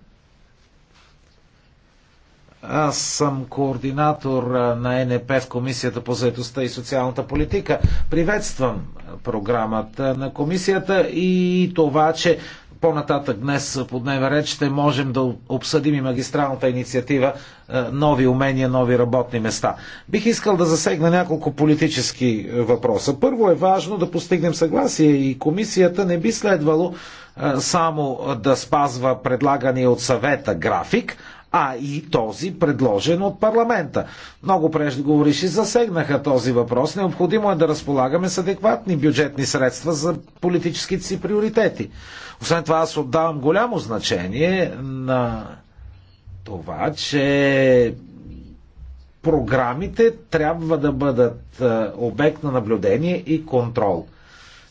Аз съм координатор е, на НП в Комисията по заедостта и социалната политика. Приветствам програмата на комисията и това, че по-нататък днес по дневен ред ще можем да обсъдим и магистралната инициатива е, Нови умения, нови работни места. Бих искал да засегна няколко политически е, въпроса. Първо е важно да постигнем съгласие и комисията не би следвало е, само да спазва предлагания от съвета график, а и този предложен от парламента. Много преждеговориши засегнаха този въпрос. Необходимо е да разполагаме с адекватни бюджетни средства за политическите си приоритети. Освен това аз отдавам голямо значение на това, че програмите трябва да бъдат е, обект на наблюдение и контрол.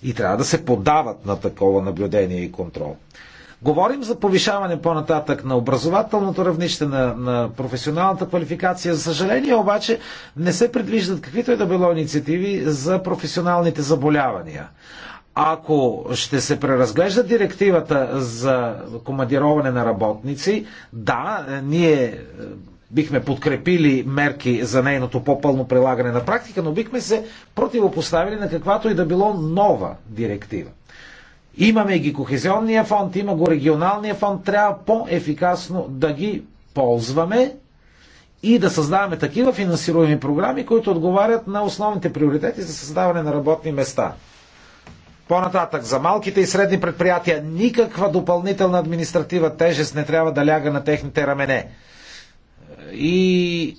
И трябва да се подават на такова наблюдение и контрол. Говорим за повишаване по-нататък на образователното равнище, на, на професионалната квалификация. За съжаление обаче не се предвиждат каквито и е да било инициативи за професионалните заболявания ако ще се преразглежда директивата за командироване на работници, да, ние е, бихме подкрепили мерки за нейното по-пълно прилагане на практика, но бихме се противопоставили на каквато и да било нова директива. Имаме ги кохезионния фонд, има го регионалния фонд, трябва по-ефикасно да ги ползваме и да създаваме такива финансируеми програми, които отговарят на основните приоритети за създаване на работни места. По-нататък, за малките и средни предприятия никаква допълнителна административа тежест не трябва да ляга на техните рамене. И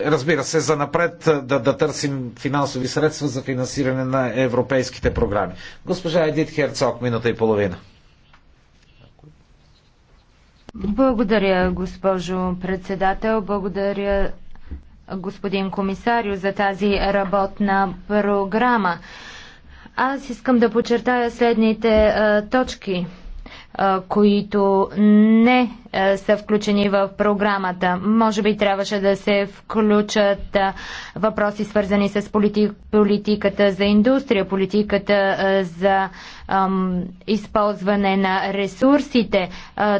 разбира се, за напред да, да търсим финансови средства за финансиране на европейските програми. Госпожа Едит Херцог, минута и половина. Благодаря, госпожо председател. Благодаря, господин комисарио, за тази работна програма. Аз искам да подчертая следните а, точки които не са включени в програмата. Може би трябваше да се включат въпроси свързани с политиката за индустрия, политиката за ам, използване на ресурсите,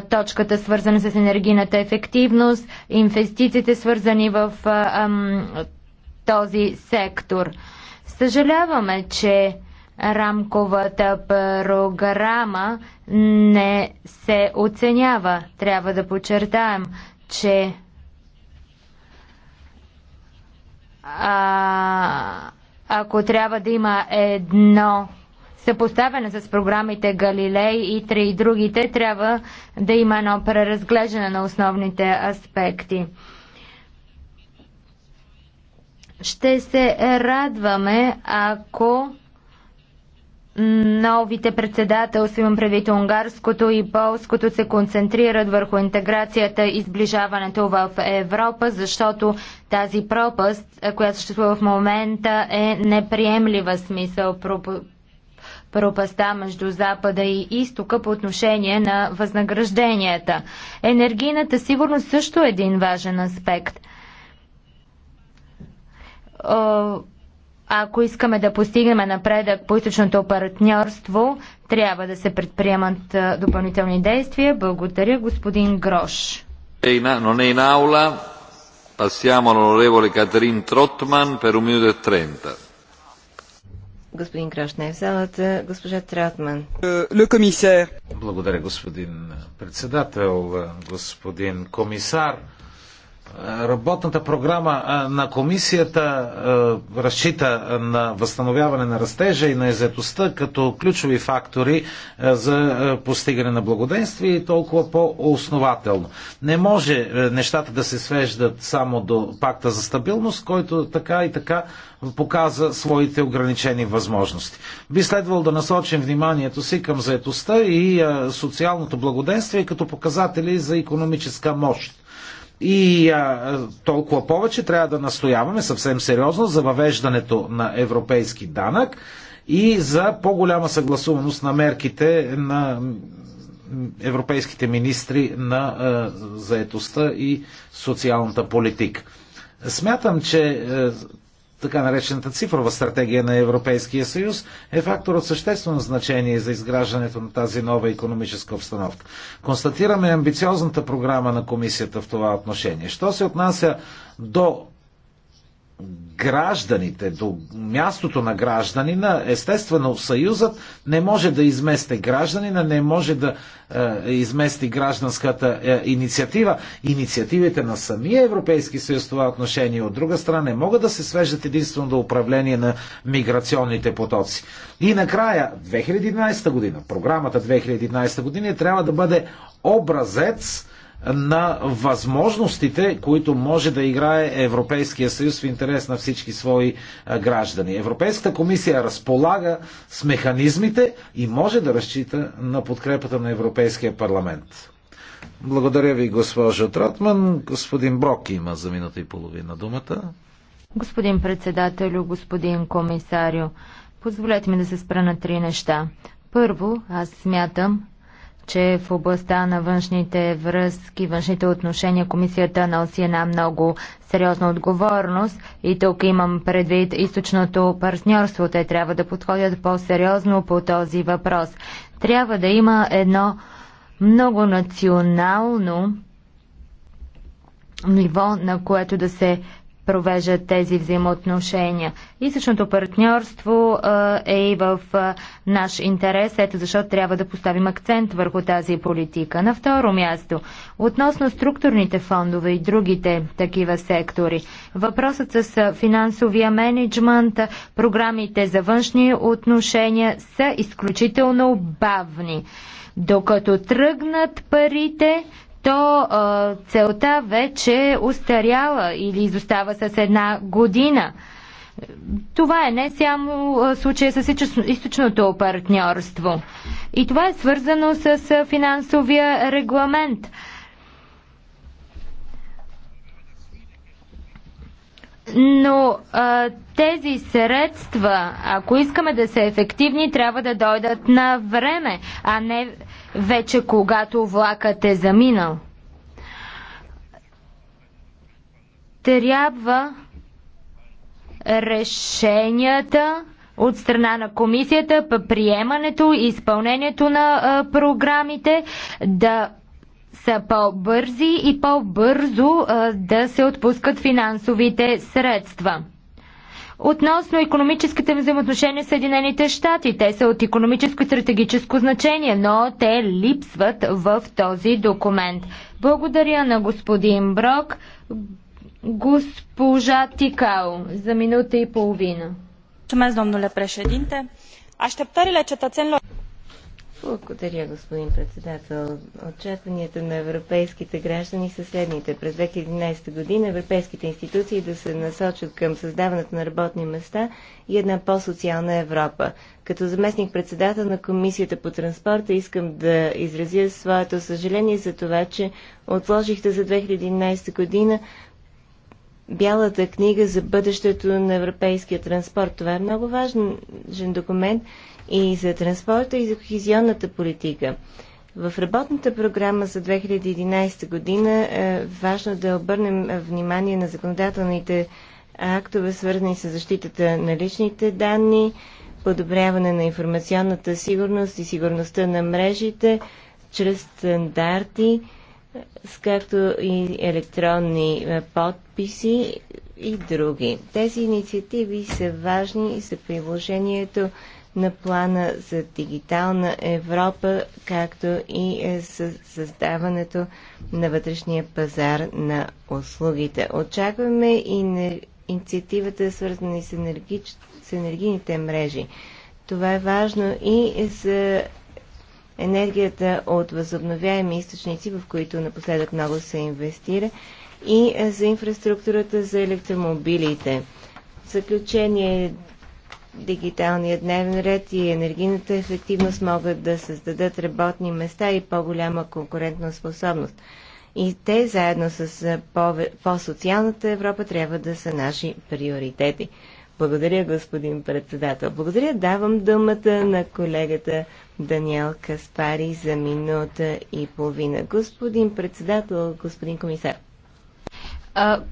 точката свързана с енергийната ефективност, инвестициите свързани в ам, този сектор. Съжаляваме, че рамковата програма не се оценява. Трябва да подчертаем, че а, ако трябва да има едно съпоставяне с програмите Галилей, и три и другите, трябва да има едно преразглеждане на основните аспекти. Ще се радваме, ако новите председателства, имам предвид унгарското и полското, се концентрират върху интеграцията и сближаването в Европа, защото тази пропаст, която съществува в момента, е неприемлива смисъл пропаста между Запада и Изтока по отношение на възнагражденията. Енергийната сигурност също е един важен аспект ако искаме да постигнем напредък по източното партньорство, трябва да се предприемат допълнителни действия. Благодаря, господин Грош. Non è in aula. Passiamo all'onorevole Катерин Тротман per un minuto e Господин Грош не е в залата. Госпожа Тротман. Е, ле комисар. Благодаря, господин председател, е, господин комисар. Работната програма на комисията разчита на възстановяване на растежа и на заетостта като ключови фактори за постигане на благоденствие и толкова по-основателно. Не може нещата да се свеждат само до пакта за стабилност, който така и така показа своите ограничени възможности. Би следвало да насочим вниманието си към заетостта и социалното благоденствие като показатели за економическа мощ и а, толкова повече трябва да настояваме съвсем сериозно за въвеждането на европейски данък и за по-голяма съгласуваност на мерките на европейските министри на а, заетостта и социалната политика. Смятам, че така наречената цифрова стратегия на Европейския съюз е фактор от съществено значение за изграждането на тази нова економическа обстановка. Констатираме амбициозната програма на комисията в това отношение. Що се отнася до гражданите, до мястото на гражданина, естествено Съюзът не може да измести гражданина, не може да е, измести гражданската е, инициатива. Инициативите на самия Европейски съюз това отношение от друга страна не могат да се свеждат единствено до управление на миграционните потоци. И накрая, 2011 година, програмата 2011 година трябва да бъде образец на възможностите, които може да играе Европейския съюз в интерес на всички свои граждани. Европейската комисия разполага с механизмите и може да разчита на подкрепата на Европейския парламент. Благодаря ви, госпожо Тратман. Господин Брок има за минута и половина думата. Господин председателю, господин комисарио, позволете ми да се спра на три неща. Първо, аз смятам, че в областта на външните връзки, външните отношения, комисията носи една много сериозна отговорност и тук имам предвид източното партньорство. Те трябва да подходят по-сериозно по този въпрос. Трябва да има едно много национално ниво, на което да се провеждат тези взаимоотношения. Източното партньорство а, е и в а, наш интерес, ето защото трябва да поставим акцент върху тази политика. На второ място, относно структурните фондове и другите такива сектори, въпросът с финансовия менеджмент, програмите за външни отношения са изключително бавни. Докато тръгнат парите, то а, целта вече устаряла или изостава с една година. Това е не само случая с източното партньорство. И това е свързано с финансовия регламент. Но а, тези средства, ако искаме да са ефективни, трябва да дойдат на време, а не вече когато влакът е заминал. Трябва решенията от страна на комисията по приемането и изпълнението на а, програмите да са по-бързи и по-бързо да се отпускат финансовите средства. Относно економическите взаимоотношения с Съединените щати, те са от економическо и стратегическо значение, но те липсват в този документ. Благодаря на господин Брок, госпожа Тикао, за минута и половина. Mulțumesc, domnule președinte. Așteptările cetățenilor... Благодаря, господин председател. Очакванията на европейските граждани са следните. През 2011 година европейските институции да се насочат към създаването на работни места и една по-социална Европа. Като заместник председател на Комисията по транспорта искам да изразя своето съжаление за това, че отложихте за 2011 година Бялата книга за бъдещето на европейския транспорт. Това е много важен документ и за транспорта, и за кохизионната политика. В работната програма за 2011 година е важно да обърнем внимание на законодателните актове, свързани с защитата на личните данни, подобряване на информационната сигурност и сигурността на мрежите чрез стандарти, с както и електронни е, подписи и други. Тези инициативи са важни и за приложението на плана за дигитална Европа, както и с е, създаването на вътрешния пазар на услугите. Очакваме и на инициативата, свързана с, енергич... с енергийните мрежи. Това е важно и за енергията от възобновяеми източници, в които напоследък много се инвестира, и е, за инфраструктурата за електромобилите. В заключение, дигиталния дневен ред и енергийната ефективност могат да създадат работни места и по-голяма конкурентна способност. И те, заедно с е, по-социалната Европа, трябва да са наши приоритети. Благодаря, господин председател. Благодаря. Давам думата на колегата Даниел Каспари за минута и половина. Господин председател, господин комисар.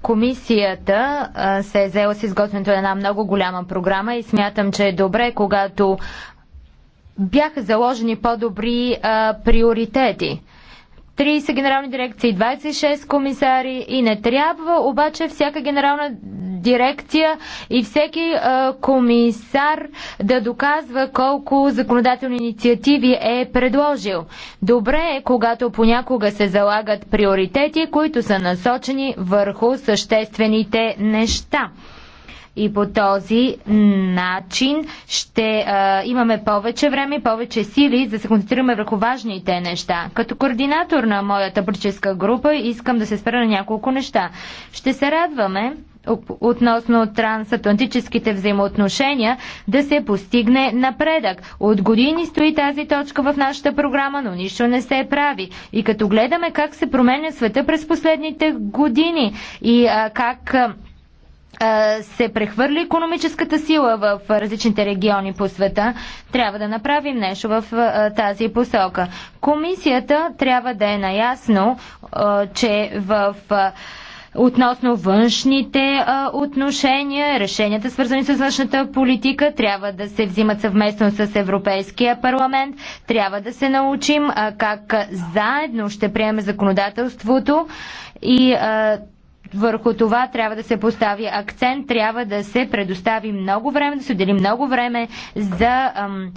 Комисията се е взела с изготвянето на една много голяма програма и смятам, че е добре, когато бяха заложени по-добри приоритети. 30 генерални дирекции, 26 комисари и не трябва обаче всяка генерална дирекция и всеки а, е, комисар да доказва колко законодателни инициативи е предложил. Добре е, когато понякога се залагат приоритети, които са насочени върху съществените неща. И по този начин ще а, имаме повече време, и повече сили, за да се концентрираме върху важните неща. Като координатор на моята политическа група искам да се спра на няколко неща. Ще се радваме относно трансатлантическите взаимоотношения да се постигне напредък. От години стои тази точка в нашата програма, но нищо не се прави. И като гледаме как се променя света през последните години и а, как а, се прехвърли економическата сила в различните региони по света, трябва да направим нещо в тази посока. Комисията трябва да е наясно, че в относно външните отношения, решенията свързани с външната политика трябва да се взимат съвместно с Европейския парламент. Трябва да се научим как заедно ще приеме законодателството и върху това трябва да се постави акцент, трябва да се предостави много време, да се отдели много време за ам,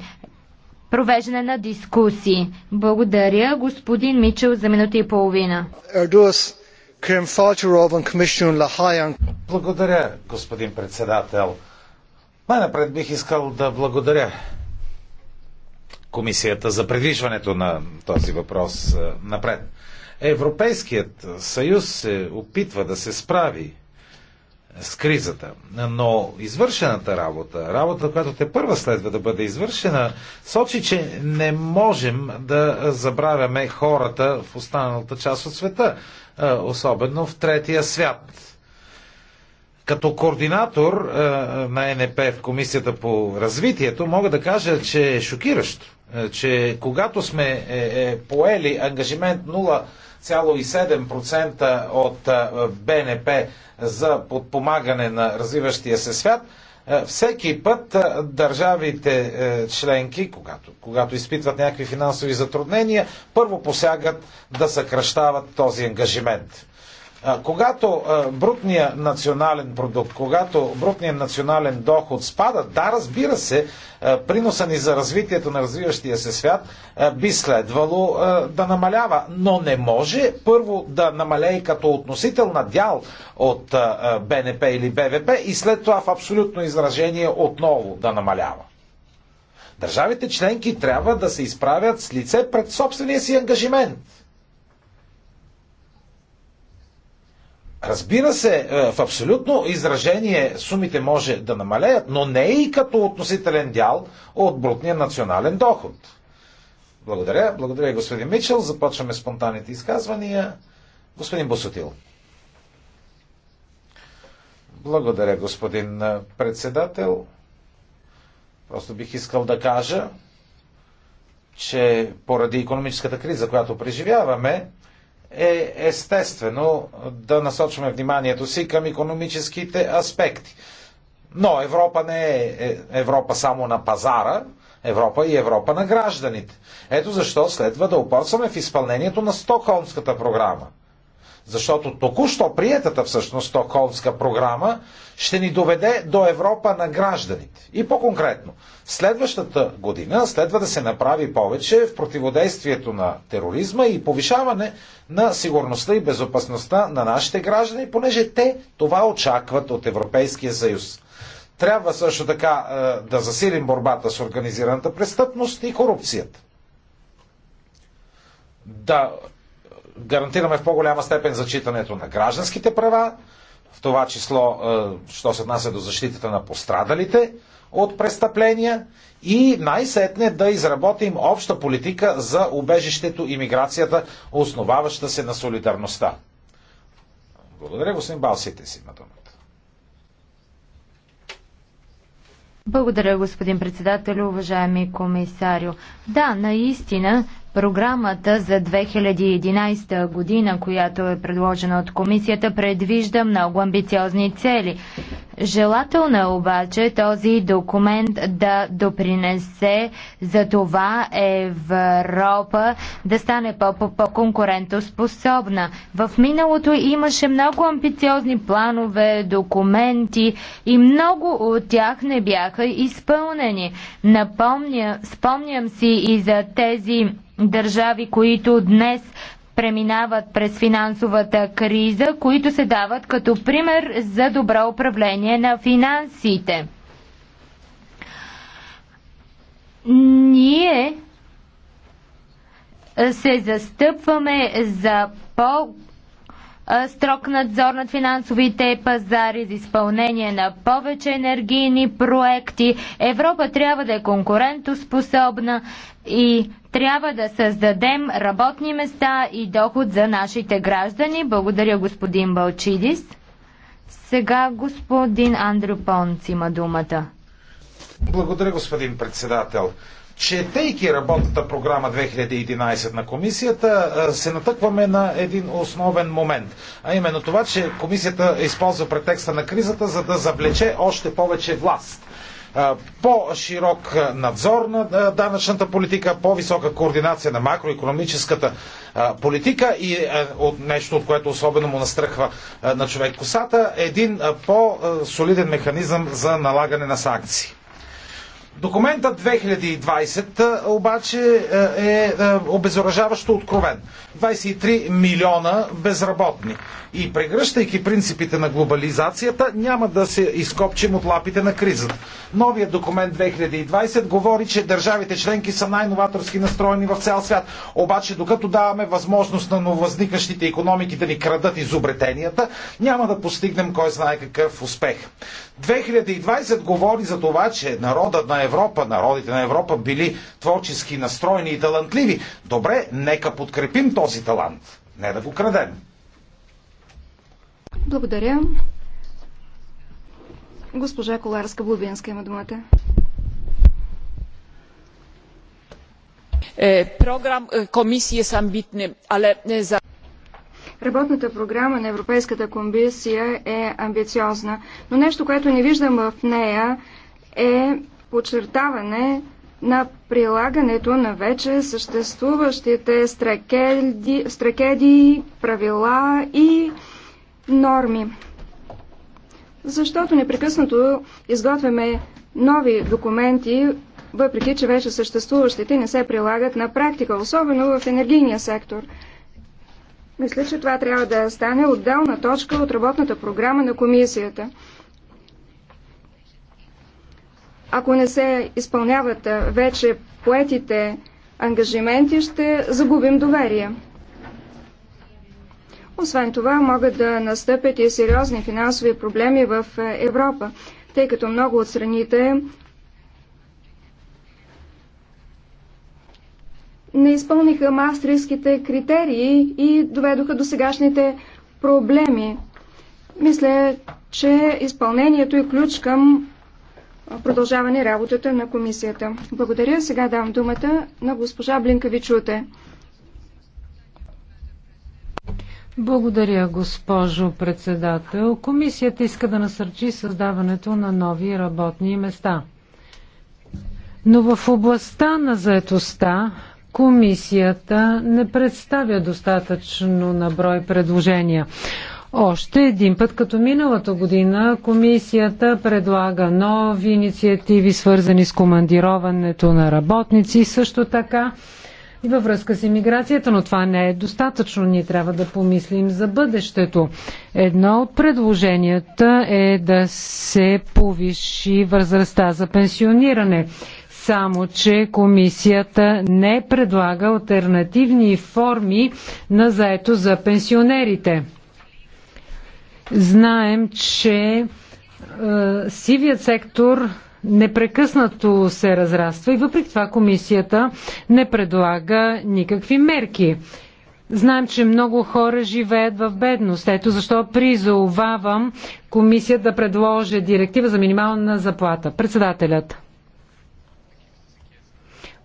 провеждане на дискусии. Благодаря, господин Мичел, за минута и половина. Благодаря, господин председател. Най-напред бих искал да благодаря комисията за предвижването на този въпрос е, напред. Европейският съюз се опитва да се справи с кризата. Но извършената работа, работа, която те първа следва да бъде извършена, сочи, че не можем да забравяме хората в останалата част от света, особено в третия свят. Като координатор на НП в Комисията по развитието, мога да кажа, че е шокиращо, че когато сме е, е, поели ангажимент 0 0,7% от БНП за подпомагане на развиващия се свят, всеки път държавите е, членки, когато, когато изпитват някакви финансови затруднения, първо посягат да съкръщават този ангажимент когато брутния национален продукт, когато брутният национален доход спада, да, разбира се, приноса ни за развитието на развиващия се свят би следвало да намалява, но не може първо да намалее като относителна дял от БНП или БВП и след това в абсолютно изражение отново да намалява. Държавите членки трябва да се изправят с лице пред собствения си ангажимент – Разбира се, е, в абсолютно изражение сумите може да намалеят, но не и като относителен дял от брутния национален доход. Благодаря. Благодаря, господин Мичел. Започваме спонтанните изказвания. Господин Босотил. Благодаря, господин е, председател. Просто бих искал да кажа, че поради економическата криза, която преживяваме, е естествено да насочваме вниманието си към економическите аспекти. Но Европа не е, е Европа само на пазара, Европа и Европа на гражданите. Ето защо следва да упорстваме в изпълнението на Стокхолмската програма – защото току-що приетата всъщност Стокхолмска програма ще ни доведе до Европа на гражданите. И по-конкретно, следващата година следва да се направи повече в противодействието на тероризма и повишаване на сигурността и безопасността на нашите граждани, понеже те това очакват от Европейския съюз. Трябва също така е, да засилим борбата с организираната престъпност и корупцията. Да гарантираме в по-голяма степен зачитането на гражданските права, в това число, е, що се отнася до защитата на пострадалите от престъпления и най-сетне да изработим обща политика за убежището и миграцията, основаваща се на солидарността. Благодаря, господин Балсите си има думата. Благодаря, господин председател, уважаеми комисарио. Да, наистина Програмата за 2011 година, която е предложена от комисията, предвижда много амбициозни цели. Желателно е обаче този документ да допринесе за това Европа да стане по-конкурентоспособна. -по -по в миналото имаше много амбициозни планове, документи и много от тях не бяха изпълнени. Напомня, спомням си и за тези държави, които днес преминават през финансовата криза, които се дават като пример за добро управление на финансите. Ние се застъпваме за по строг надзор над финансовите пазари, за изпълнение на повече енергийни проекти. Европа трябва да е конкурентоспособна и трябва да създадем работни места и доход за нашите граждани. Благодаря господин Балчидис. Сега господин Андрю Понц има думата. Благодаря господин председател. Четейки работната програма 2011 на комисията, се натъкваме на един основен момент. А именно това, че комисията използва претекста на кризата, за да завлече още повече власт по-широк надзор на данъчната политика, по-висока координация на макроекономическата политика и от нещо, от което особено му настръхва на човек косата, един по-солиден механизъм за налагане на санкции. Документът 2020 обаче е обезоръжаващо откровен. 23 милиона безработни. И прегръщайки принципите на глобализацията, няма да се изкопчим от лапите на кризата. Новият документ 2020 говори, че държавите членки са най-новаторски настроени в цял свят. Обаче, докато даваме възможност на нововъзникащите економики да ни крадат изобретенията, няма да постигнем кой знае какъв успех. 2020 говори за това, че народът на Европа Европа, народите на Европа били творчески настроени и талантливи. Добре, нека подкрепим този талант, не да го крадем. Благодаря. Госпожа коларска Блубинска има думата. комисия komisji jest але не за... Работната програма на Европейската комисия е амбициозна, но нещо, което не виждам в нея е подчертаване на прилагането на вече съществуващите стракедии, правила и норми. Защото непрекъснато изготвяме нови документи, въпреки че вече съществуващите не се прилагат на практика, особено в енергийния сектор. Мисля, че това трябва да стане отделна точка от работната програма на комисията ако не се изпълняват вече поетите ангажименти, ще загубим доверие. Освен това, могат да настъпят и сериозни финансови проблеми в Европа, тъй като много от страните не изпълниха мастерските критерии и доведоха до сегашните проблеми. Мисля, че изпълнението е ключ към продължаване работата на комисията. Благодаря. Сега давам думата на госпожа Блинкавичуте. Благодаря, госпожо председател. Комисията иска да насърчи създаването на нови работни места. Но в областта на заетостта комисията не представя достатъчно наброй предложения. Още един път, като миналата година, комисията предлага нови инициативи, свързани с командироването на работници, също така и във връзка с иммиграцията, но това не е достатъчно. Ние трябва да помислим за бъдещето. Едно от предложенията е да се повиши възрастта за пенсиониране. Само, че комисията не предлага альтернативни форми на заето за пенсионерите. Знаем, че е, сивият сектор непрекъснато се разраства и въпреки това комисията не предлага никакви мерки. Знаем, че много хора живеят в бедност. Ето защо призовавам комисията да предложи директива за минимална заплата. Председателят.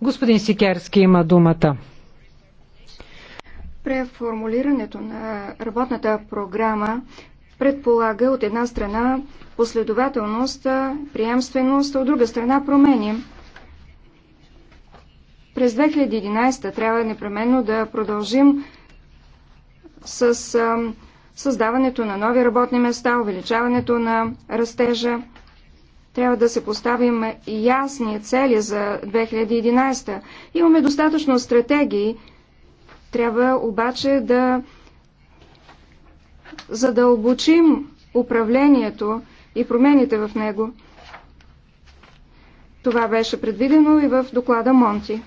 Господин Сикерски има думата. При формулирането на работната програма предполага от една страна последователност, приемственост, от друга страна промени. През 2011 трябва непременно да продължим с а, създаването на нови работни места, увеличаването на растежа. Трябва да се поставим ясни цели за 2011. Имаме достатъчно стратегии, трябва обаче да за да обучим управлението и промените в него. Това беше предвидено и в доклада Монти.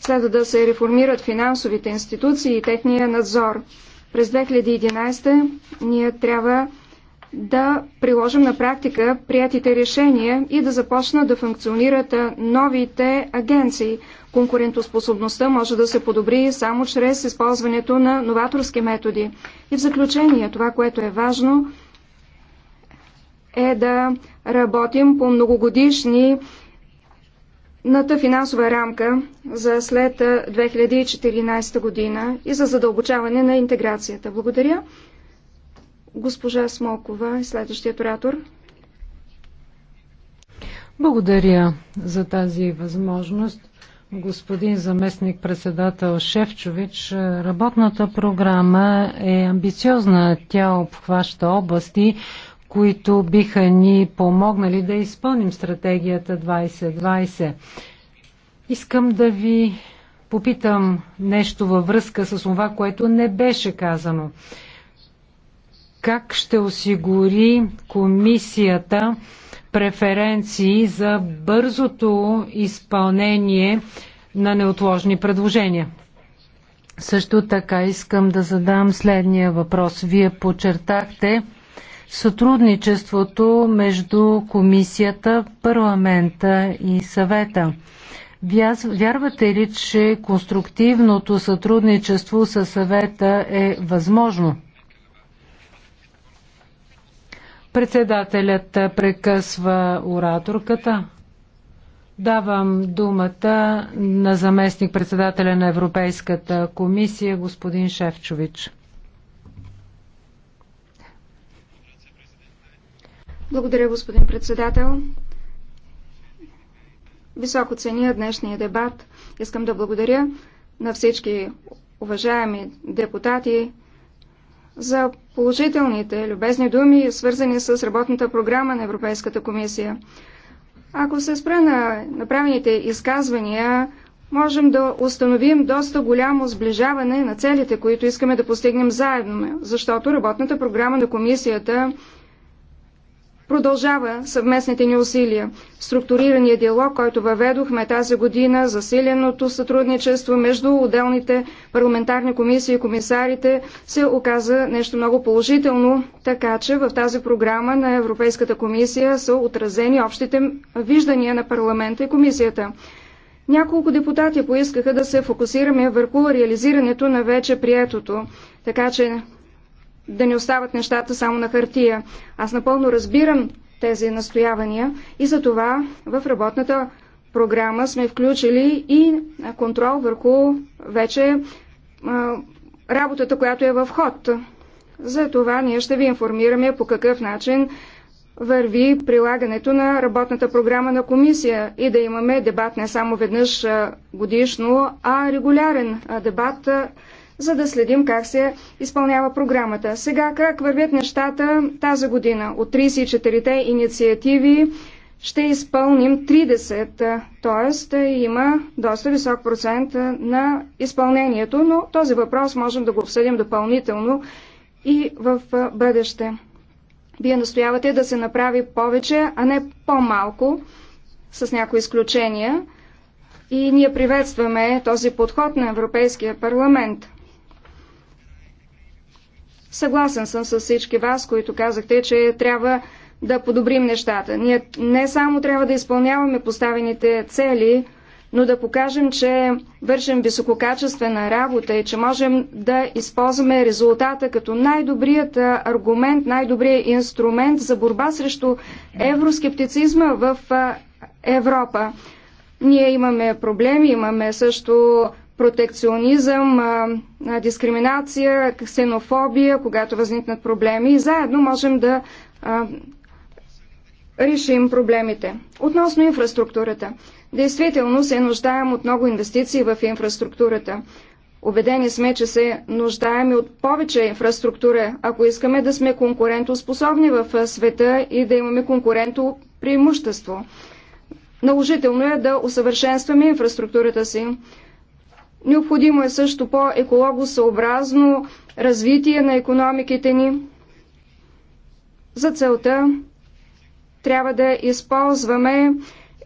Следва да се реформират финансовите институции и техния надзор. През 2011 ние трябва да приложим на практика приятите решения и да започнат да функционират новите агенции. Конкурентоспособността може да се подобри само чрез използването на новаторски методи. И в заключение, това, което е важно, е да работим по многогодишни ната финансова рамка за след 2014 година и за задълбочаване на интеграцията. Благодаря. Госпожа Смокова, е следващият оратор. Благодаря за тази възможност господин заместник председател Шефчович. Работната програма е амбициозна. Тя обхваща области, които биха ни помогнали да изпълним стратегията 2020. Искам да ви попитам нещо във връзка с това, което не беше казано. Как ще осигури комисията преференции за бързото изпълнение на неотложни предложения? Също така искам да задам следния въпрос. Вие подчертахте сътрудничеството между комисията, парламента и съвета. Вярвате ли, че конструктивното сътрудничество със съвета е възможно? Председателят прекъсва ораторката. Давам думата на заместник председателя на Европейската комисия, господин Шефчович. Благодаря, господин председател. Високо ценя днешния дебат. Искам да благодаря на всички уважаеми депутати за положителните любезни думи, свързани с работната програма на Европейската комисия. Ако се спра на направените изказвания, можем да установим доста голямо сближаване на целите, които искаме да постигнем заедно, защото работната програма на комисията Продължава съвместните ни усилия. Структурирания диалог, който въведохме тази година, засиленото сътрудничество между отделните парламентарни комисии и комисарите се оказа нещо много положително, така че в тази програма на Европейската комисия са отразени общите виждания на парламента и комисията. Няколко депутати поискаха да се фокусираме върху реализирането на вече приетото, така че да не остават нещата само на хартия. Аз напълно разбирам тези настоявания и за това в работната програма сме включили и контрол върху вече работата, която е в ход. За това ние ще ви информираме по какъв начин върви прилагането на работната програма на комисия и да имаме дебат не само веднъж годишно, а регулярен дебат за да следим как се изпълнява програмата. Сега как вървят нещата тази година? От 34-те инициативи ще изпълним 30, т.е. има доста висок процент е, на изпълнението, но този въпрос можем да го обсъдим допълнително и в е, бъдеще. Вие настоявате да се направи повече, а не по-малко, с някои изключения. И ние приветстваме този подход на Европейския парламент. Съгласен съм с всички вас, които казахте, че трябва да подобрим нещата. Ние не само трябва да изпълняваме поставените цели, но да покажем, че вършим висококачествена работа и че можем да използваме резултата като най-добрият аргумент, най-добрият инструмент за борба срещу евроскептицизма в Европа. Ние имаме проблеми, имаме също протекционизъм, дискриминация, ксенофобия, когато възникнат проблеми и заедно можем да решим проблемите. Относно инфраструктурата. Действително се нуждаем от много инвестиции в инфраструктурата. Обедени сме, че се нуждаем и от повече инфраструктура, ако искаме да сме конкурентоспособни в света и да имаме конкуренто преимущество. Наложително е да усъвършенстваме инфраструктурата си. Необходимо е също по-екологосъобразно развитие на економиките ни. За целта трябва да използваме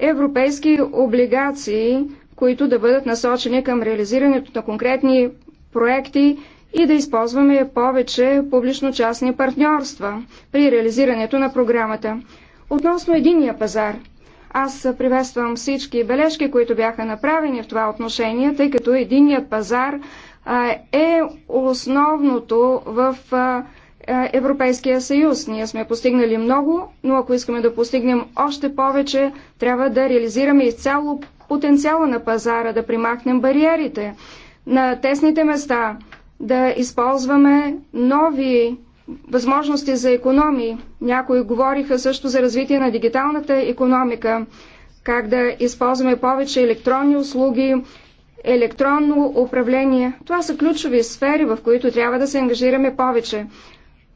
европейски облигации, които да бъдат насочени към реализирането на конкретни проекти и да използваме повече публично-частни партньорства при реализирането на програмата. Относно единия пазар – аз приветствам всички бележки, които бяха направени в това отношение, тъй като единният пазар е основното в Европейския съюз. Ние сме постигнали много, но ако искаме да постигнем още повече, трябва да реализираме изцяло потенциала на пазара, да примахнем бариерите на тесните места, да използваме нови възможности за економии. Някои говориха също за развитие на дигиталната економика, как да използваме повече електронни услуги, електронно управление. Това са ключови сфери, в които трябва да се ангажираме повече.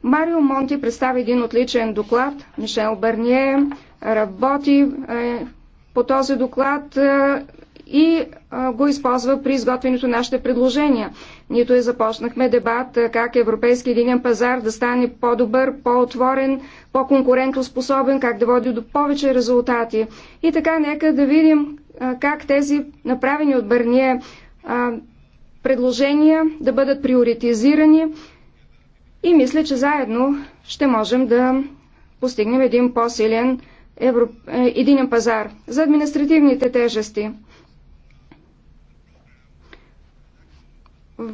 Марио Монти представи един отличен доклад. Мишел Барние работи е, по този доклад е, и го използва при изготвянето на нашите предложения. Нито е започнахме дебат как европейски единен пазар да стане по-добър, по-отворен, по-конкурентоспособен, как да води до повече резултати. И така, нека да видим как тези направени от Бърния предложения да бъдат приоритизирани и мисля, че заедно ще можем да постигнем един по-силен Европ... Е, единен пазар за административните тежести.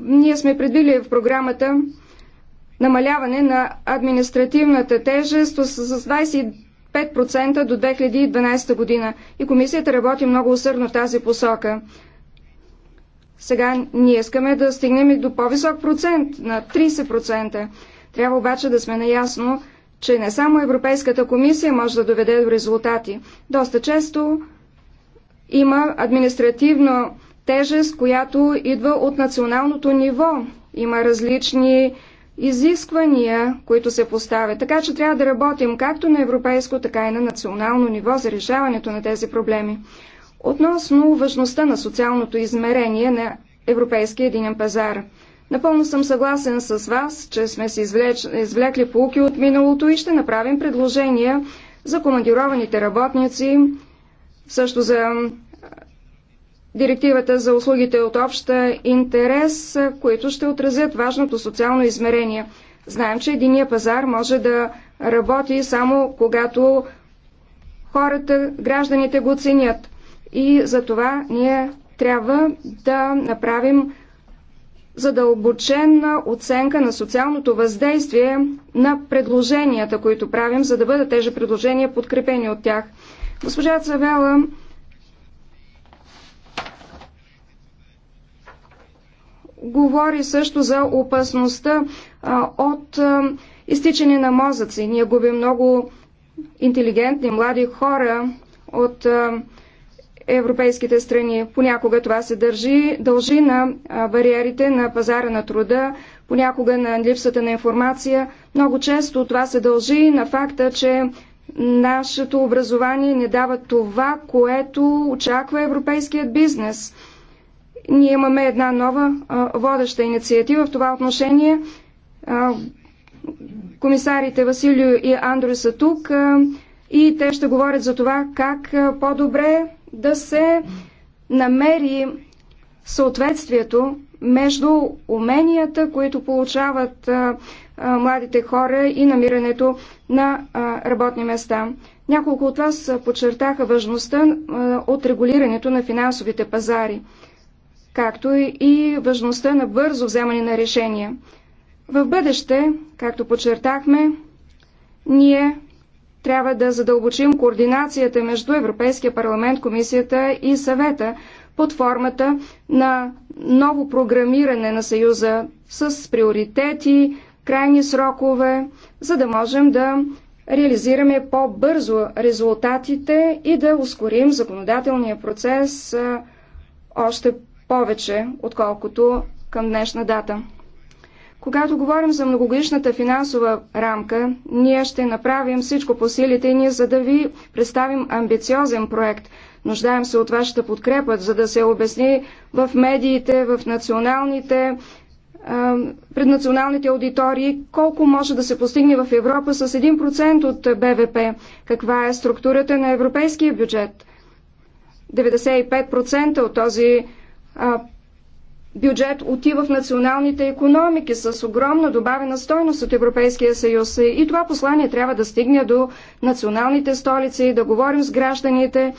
Ние сме предвили в програмата намаляване на административната тежест с 25% до 2012 година. И комисията работи много усърдно в тази посока. Сега ние искаме да стигнем и до по-висок процент, на 30%. Трябва обаче да сме наясно, че не само Европейската комисия може да доведе до резултати. Доста често има административно тежест, която идва от националното ниво. Има различни изисквания, които се поставят. Така че трябва да работим както на европейско, така и на национално ниво за решаването на тези проблеми. Относно важността на социалното измерение на Европейския единен пазар. Напълно съм съгласен с вас, че сме си извлеч... извлекли полуки от миналото и ще направим предложения за командированите работници, също за директивата за услугите от обща интерес, които ще отразят важното социално измерение. Знаем, че единия пазар може да работи само когато хората, гражданите го ценят. И за това ние трябва да направим задълбочена оценка на социалното въздействие на предложенията, които правим, за да бъдат тези предложения подкрепени от тях. Госпожа Цавела говори също за опасността от изтичане на мозъци. Ние губим много интелигентни млади хора от европейските страни. Понякога това се държи, дължи на бариерите на пазара на труда, понякога на липсата на информация. Много често това се дължи на факта, че нашето образование не дава това, което очаква европейският бизнес. Ние имаме една нова водеща инициатива в това отношение. Комисарите Василио и Андрю са тук и те ще говорят за това как по-добре да се намери съответствието между уменията, които получават а, а, младите хора и намирането на а, работни места. Няколко от вас подчертаха важността а, от регулирането на финансовите пазари както и важността на бързо вземане на решения. В бъдеще, както подчертахме, ние трябва да задълбочим координацията между Европейския парламент, комисията и съвета под формата на ново програмиране на Съюза с приоритети, крайни срокове, за да можем да реализираме по-бързо резултатите и да ускорим законодателния процес още повече, отколкото към днешна дата. Когато говорим за многогодишната финансова рамка, ние ще направим всичко по силите ни, за да ви представим амбициозен проект. Нуждаем се от вашата подкрепа, за да се обясни в медиите, в националните, пред националните аудитории, колко може да се постигне в Европа с 1% от БВП, каква е структурата на европейския бюджет. 95% от този бюджет отива в националните економики с огромна добавена стойност от Европейския съюз. И това послание трябва да стигне до националните столици, да говорим с гражданите,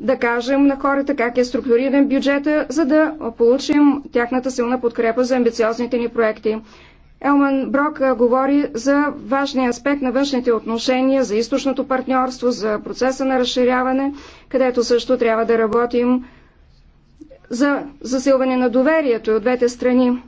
да кажем на хората как е структуриран бюджета, за да получим тяхната силна подкрепа за амбициозните ни проекти. Елман Брок говори за важния аспект на външните отношения, за източното партньорство, за процеса на разширяване, където също трябва да работим за засилване на доверието от двете страни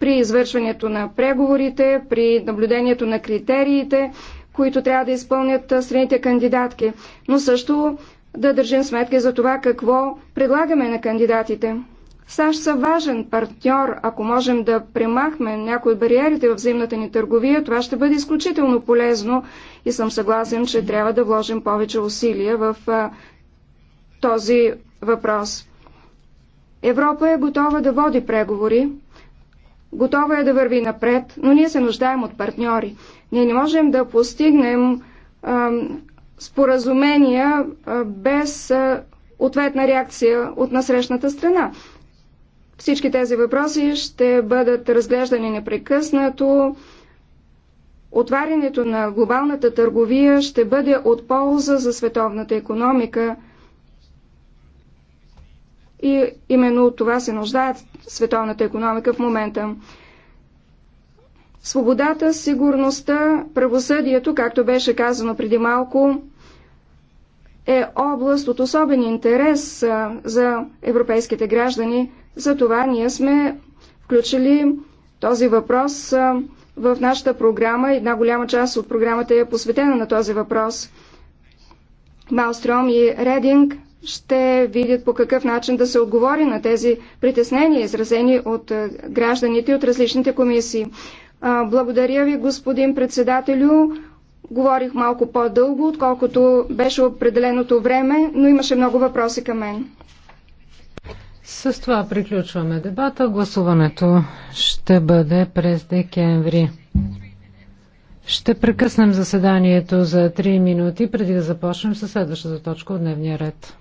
при извършването на преговорите, при наблюдението на критериите, които трябва да изпълнят страните кандидатки, но също да държим сметка за това какво предлагаме на кандидатите. САЩ са важен партньор. Ако можем да премахме някои от бариерите в взаимната ни търговия, това ще бъде изключително полезно и съм съгласен, че трябва да вложим повече усилия в а, този въпрос. Европа е готова да води преговори, готова е да върви напред, но ние се нуждаем от партньори. Ние не можем да постигнем а, споразумения а, без а, ответна реакция от насрещната страна. Всички тези въпроси ще бъдат разглеждани непрекъснато. Отварянето на глобалната търговия ще бъде от полза за световната економика. И именно от това се нуждае световната економика в момента. Свободата, сигурността, правосъдието, както беше казано преди малко, е област от особен интерес за европейските граждани. Затова ние сме включили този въпрос в нашата програма. Една голяма част от програмата е посветена на този въпрос. Малстром и Рединг ще видят по какъв начин да се отговори на тези притеснения, изразени от е, гражданите от различните комисии. Благодаря ви, господин председателю. Говорих малко по-дълго, отколкото беше определеното време, но имаше много въпроси към мен. С това приключваме дебата. Гласуването ще бъде през декември. Ще прекъснем заседанието за 3 минути, преди да започнем със следващата точка от дневния ред.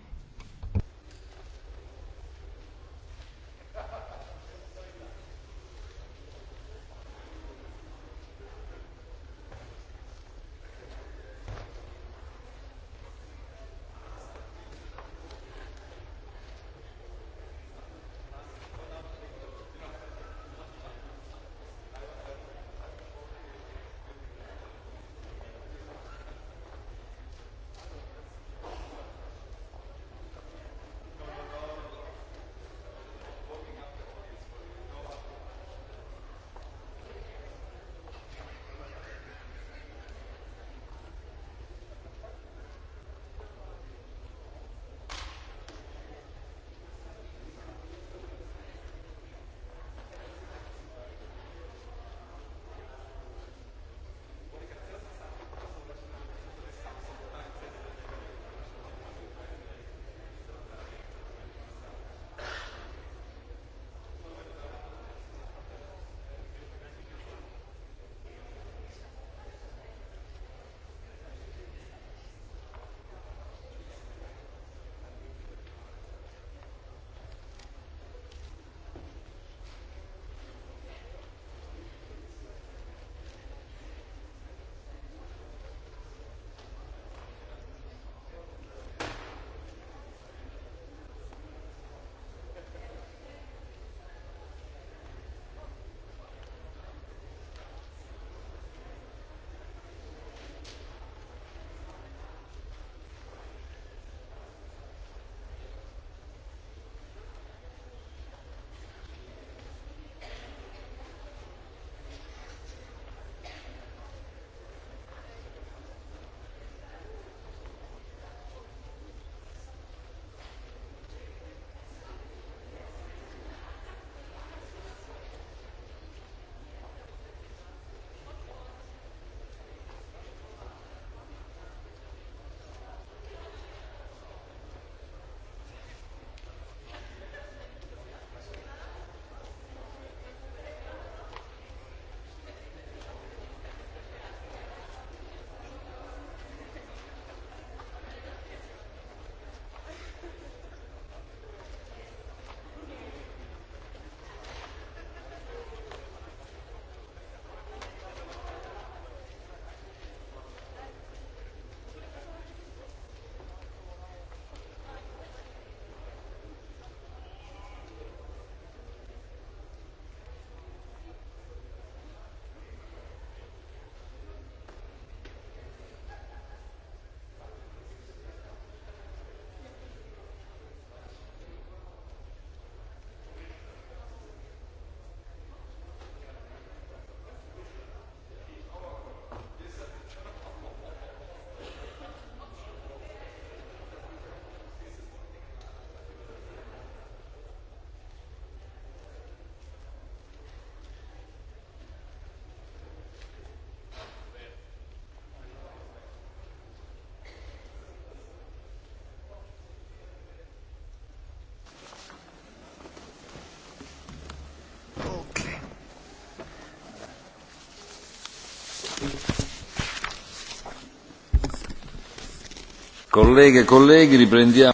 Колеги, колеги, репрендиам.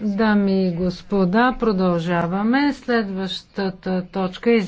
Дами и господа, продължаваме. Следващата точка е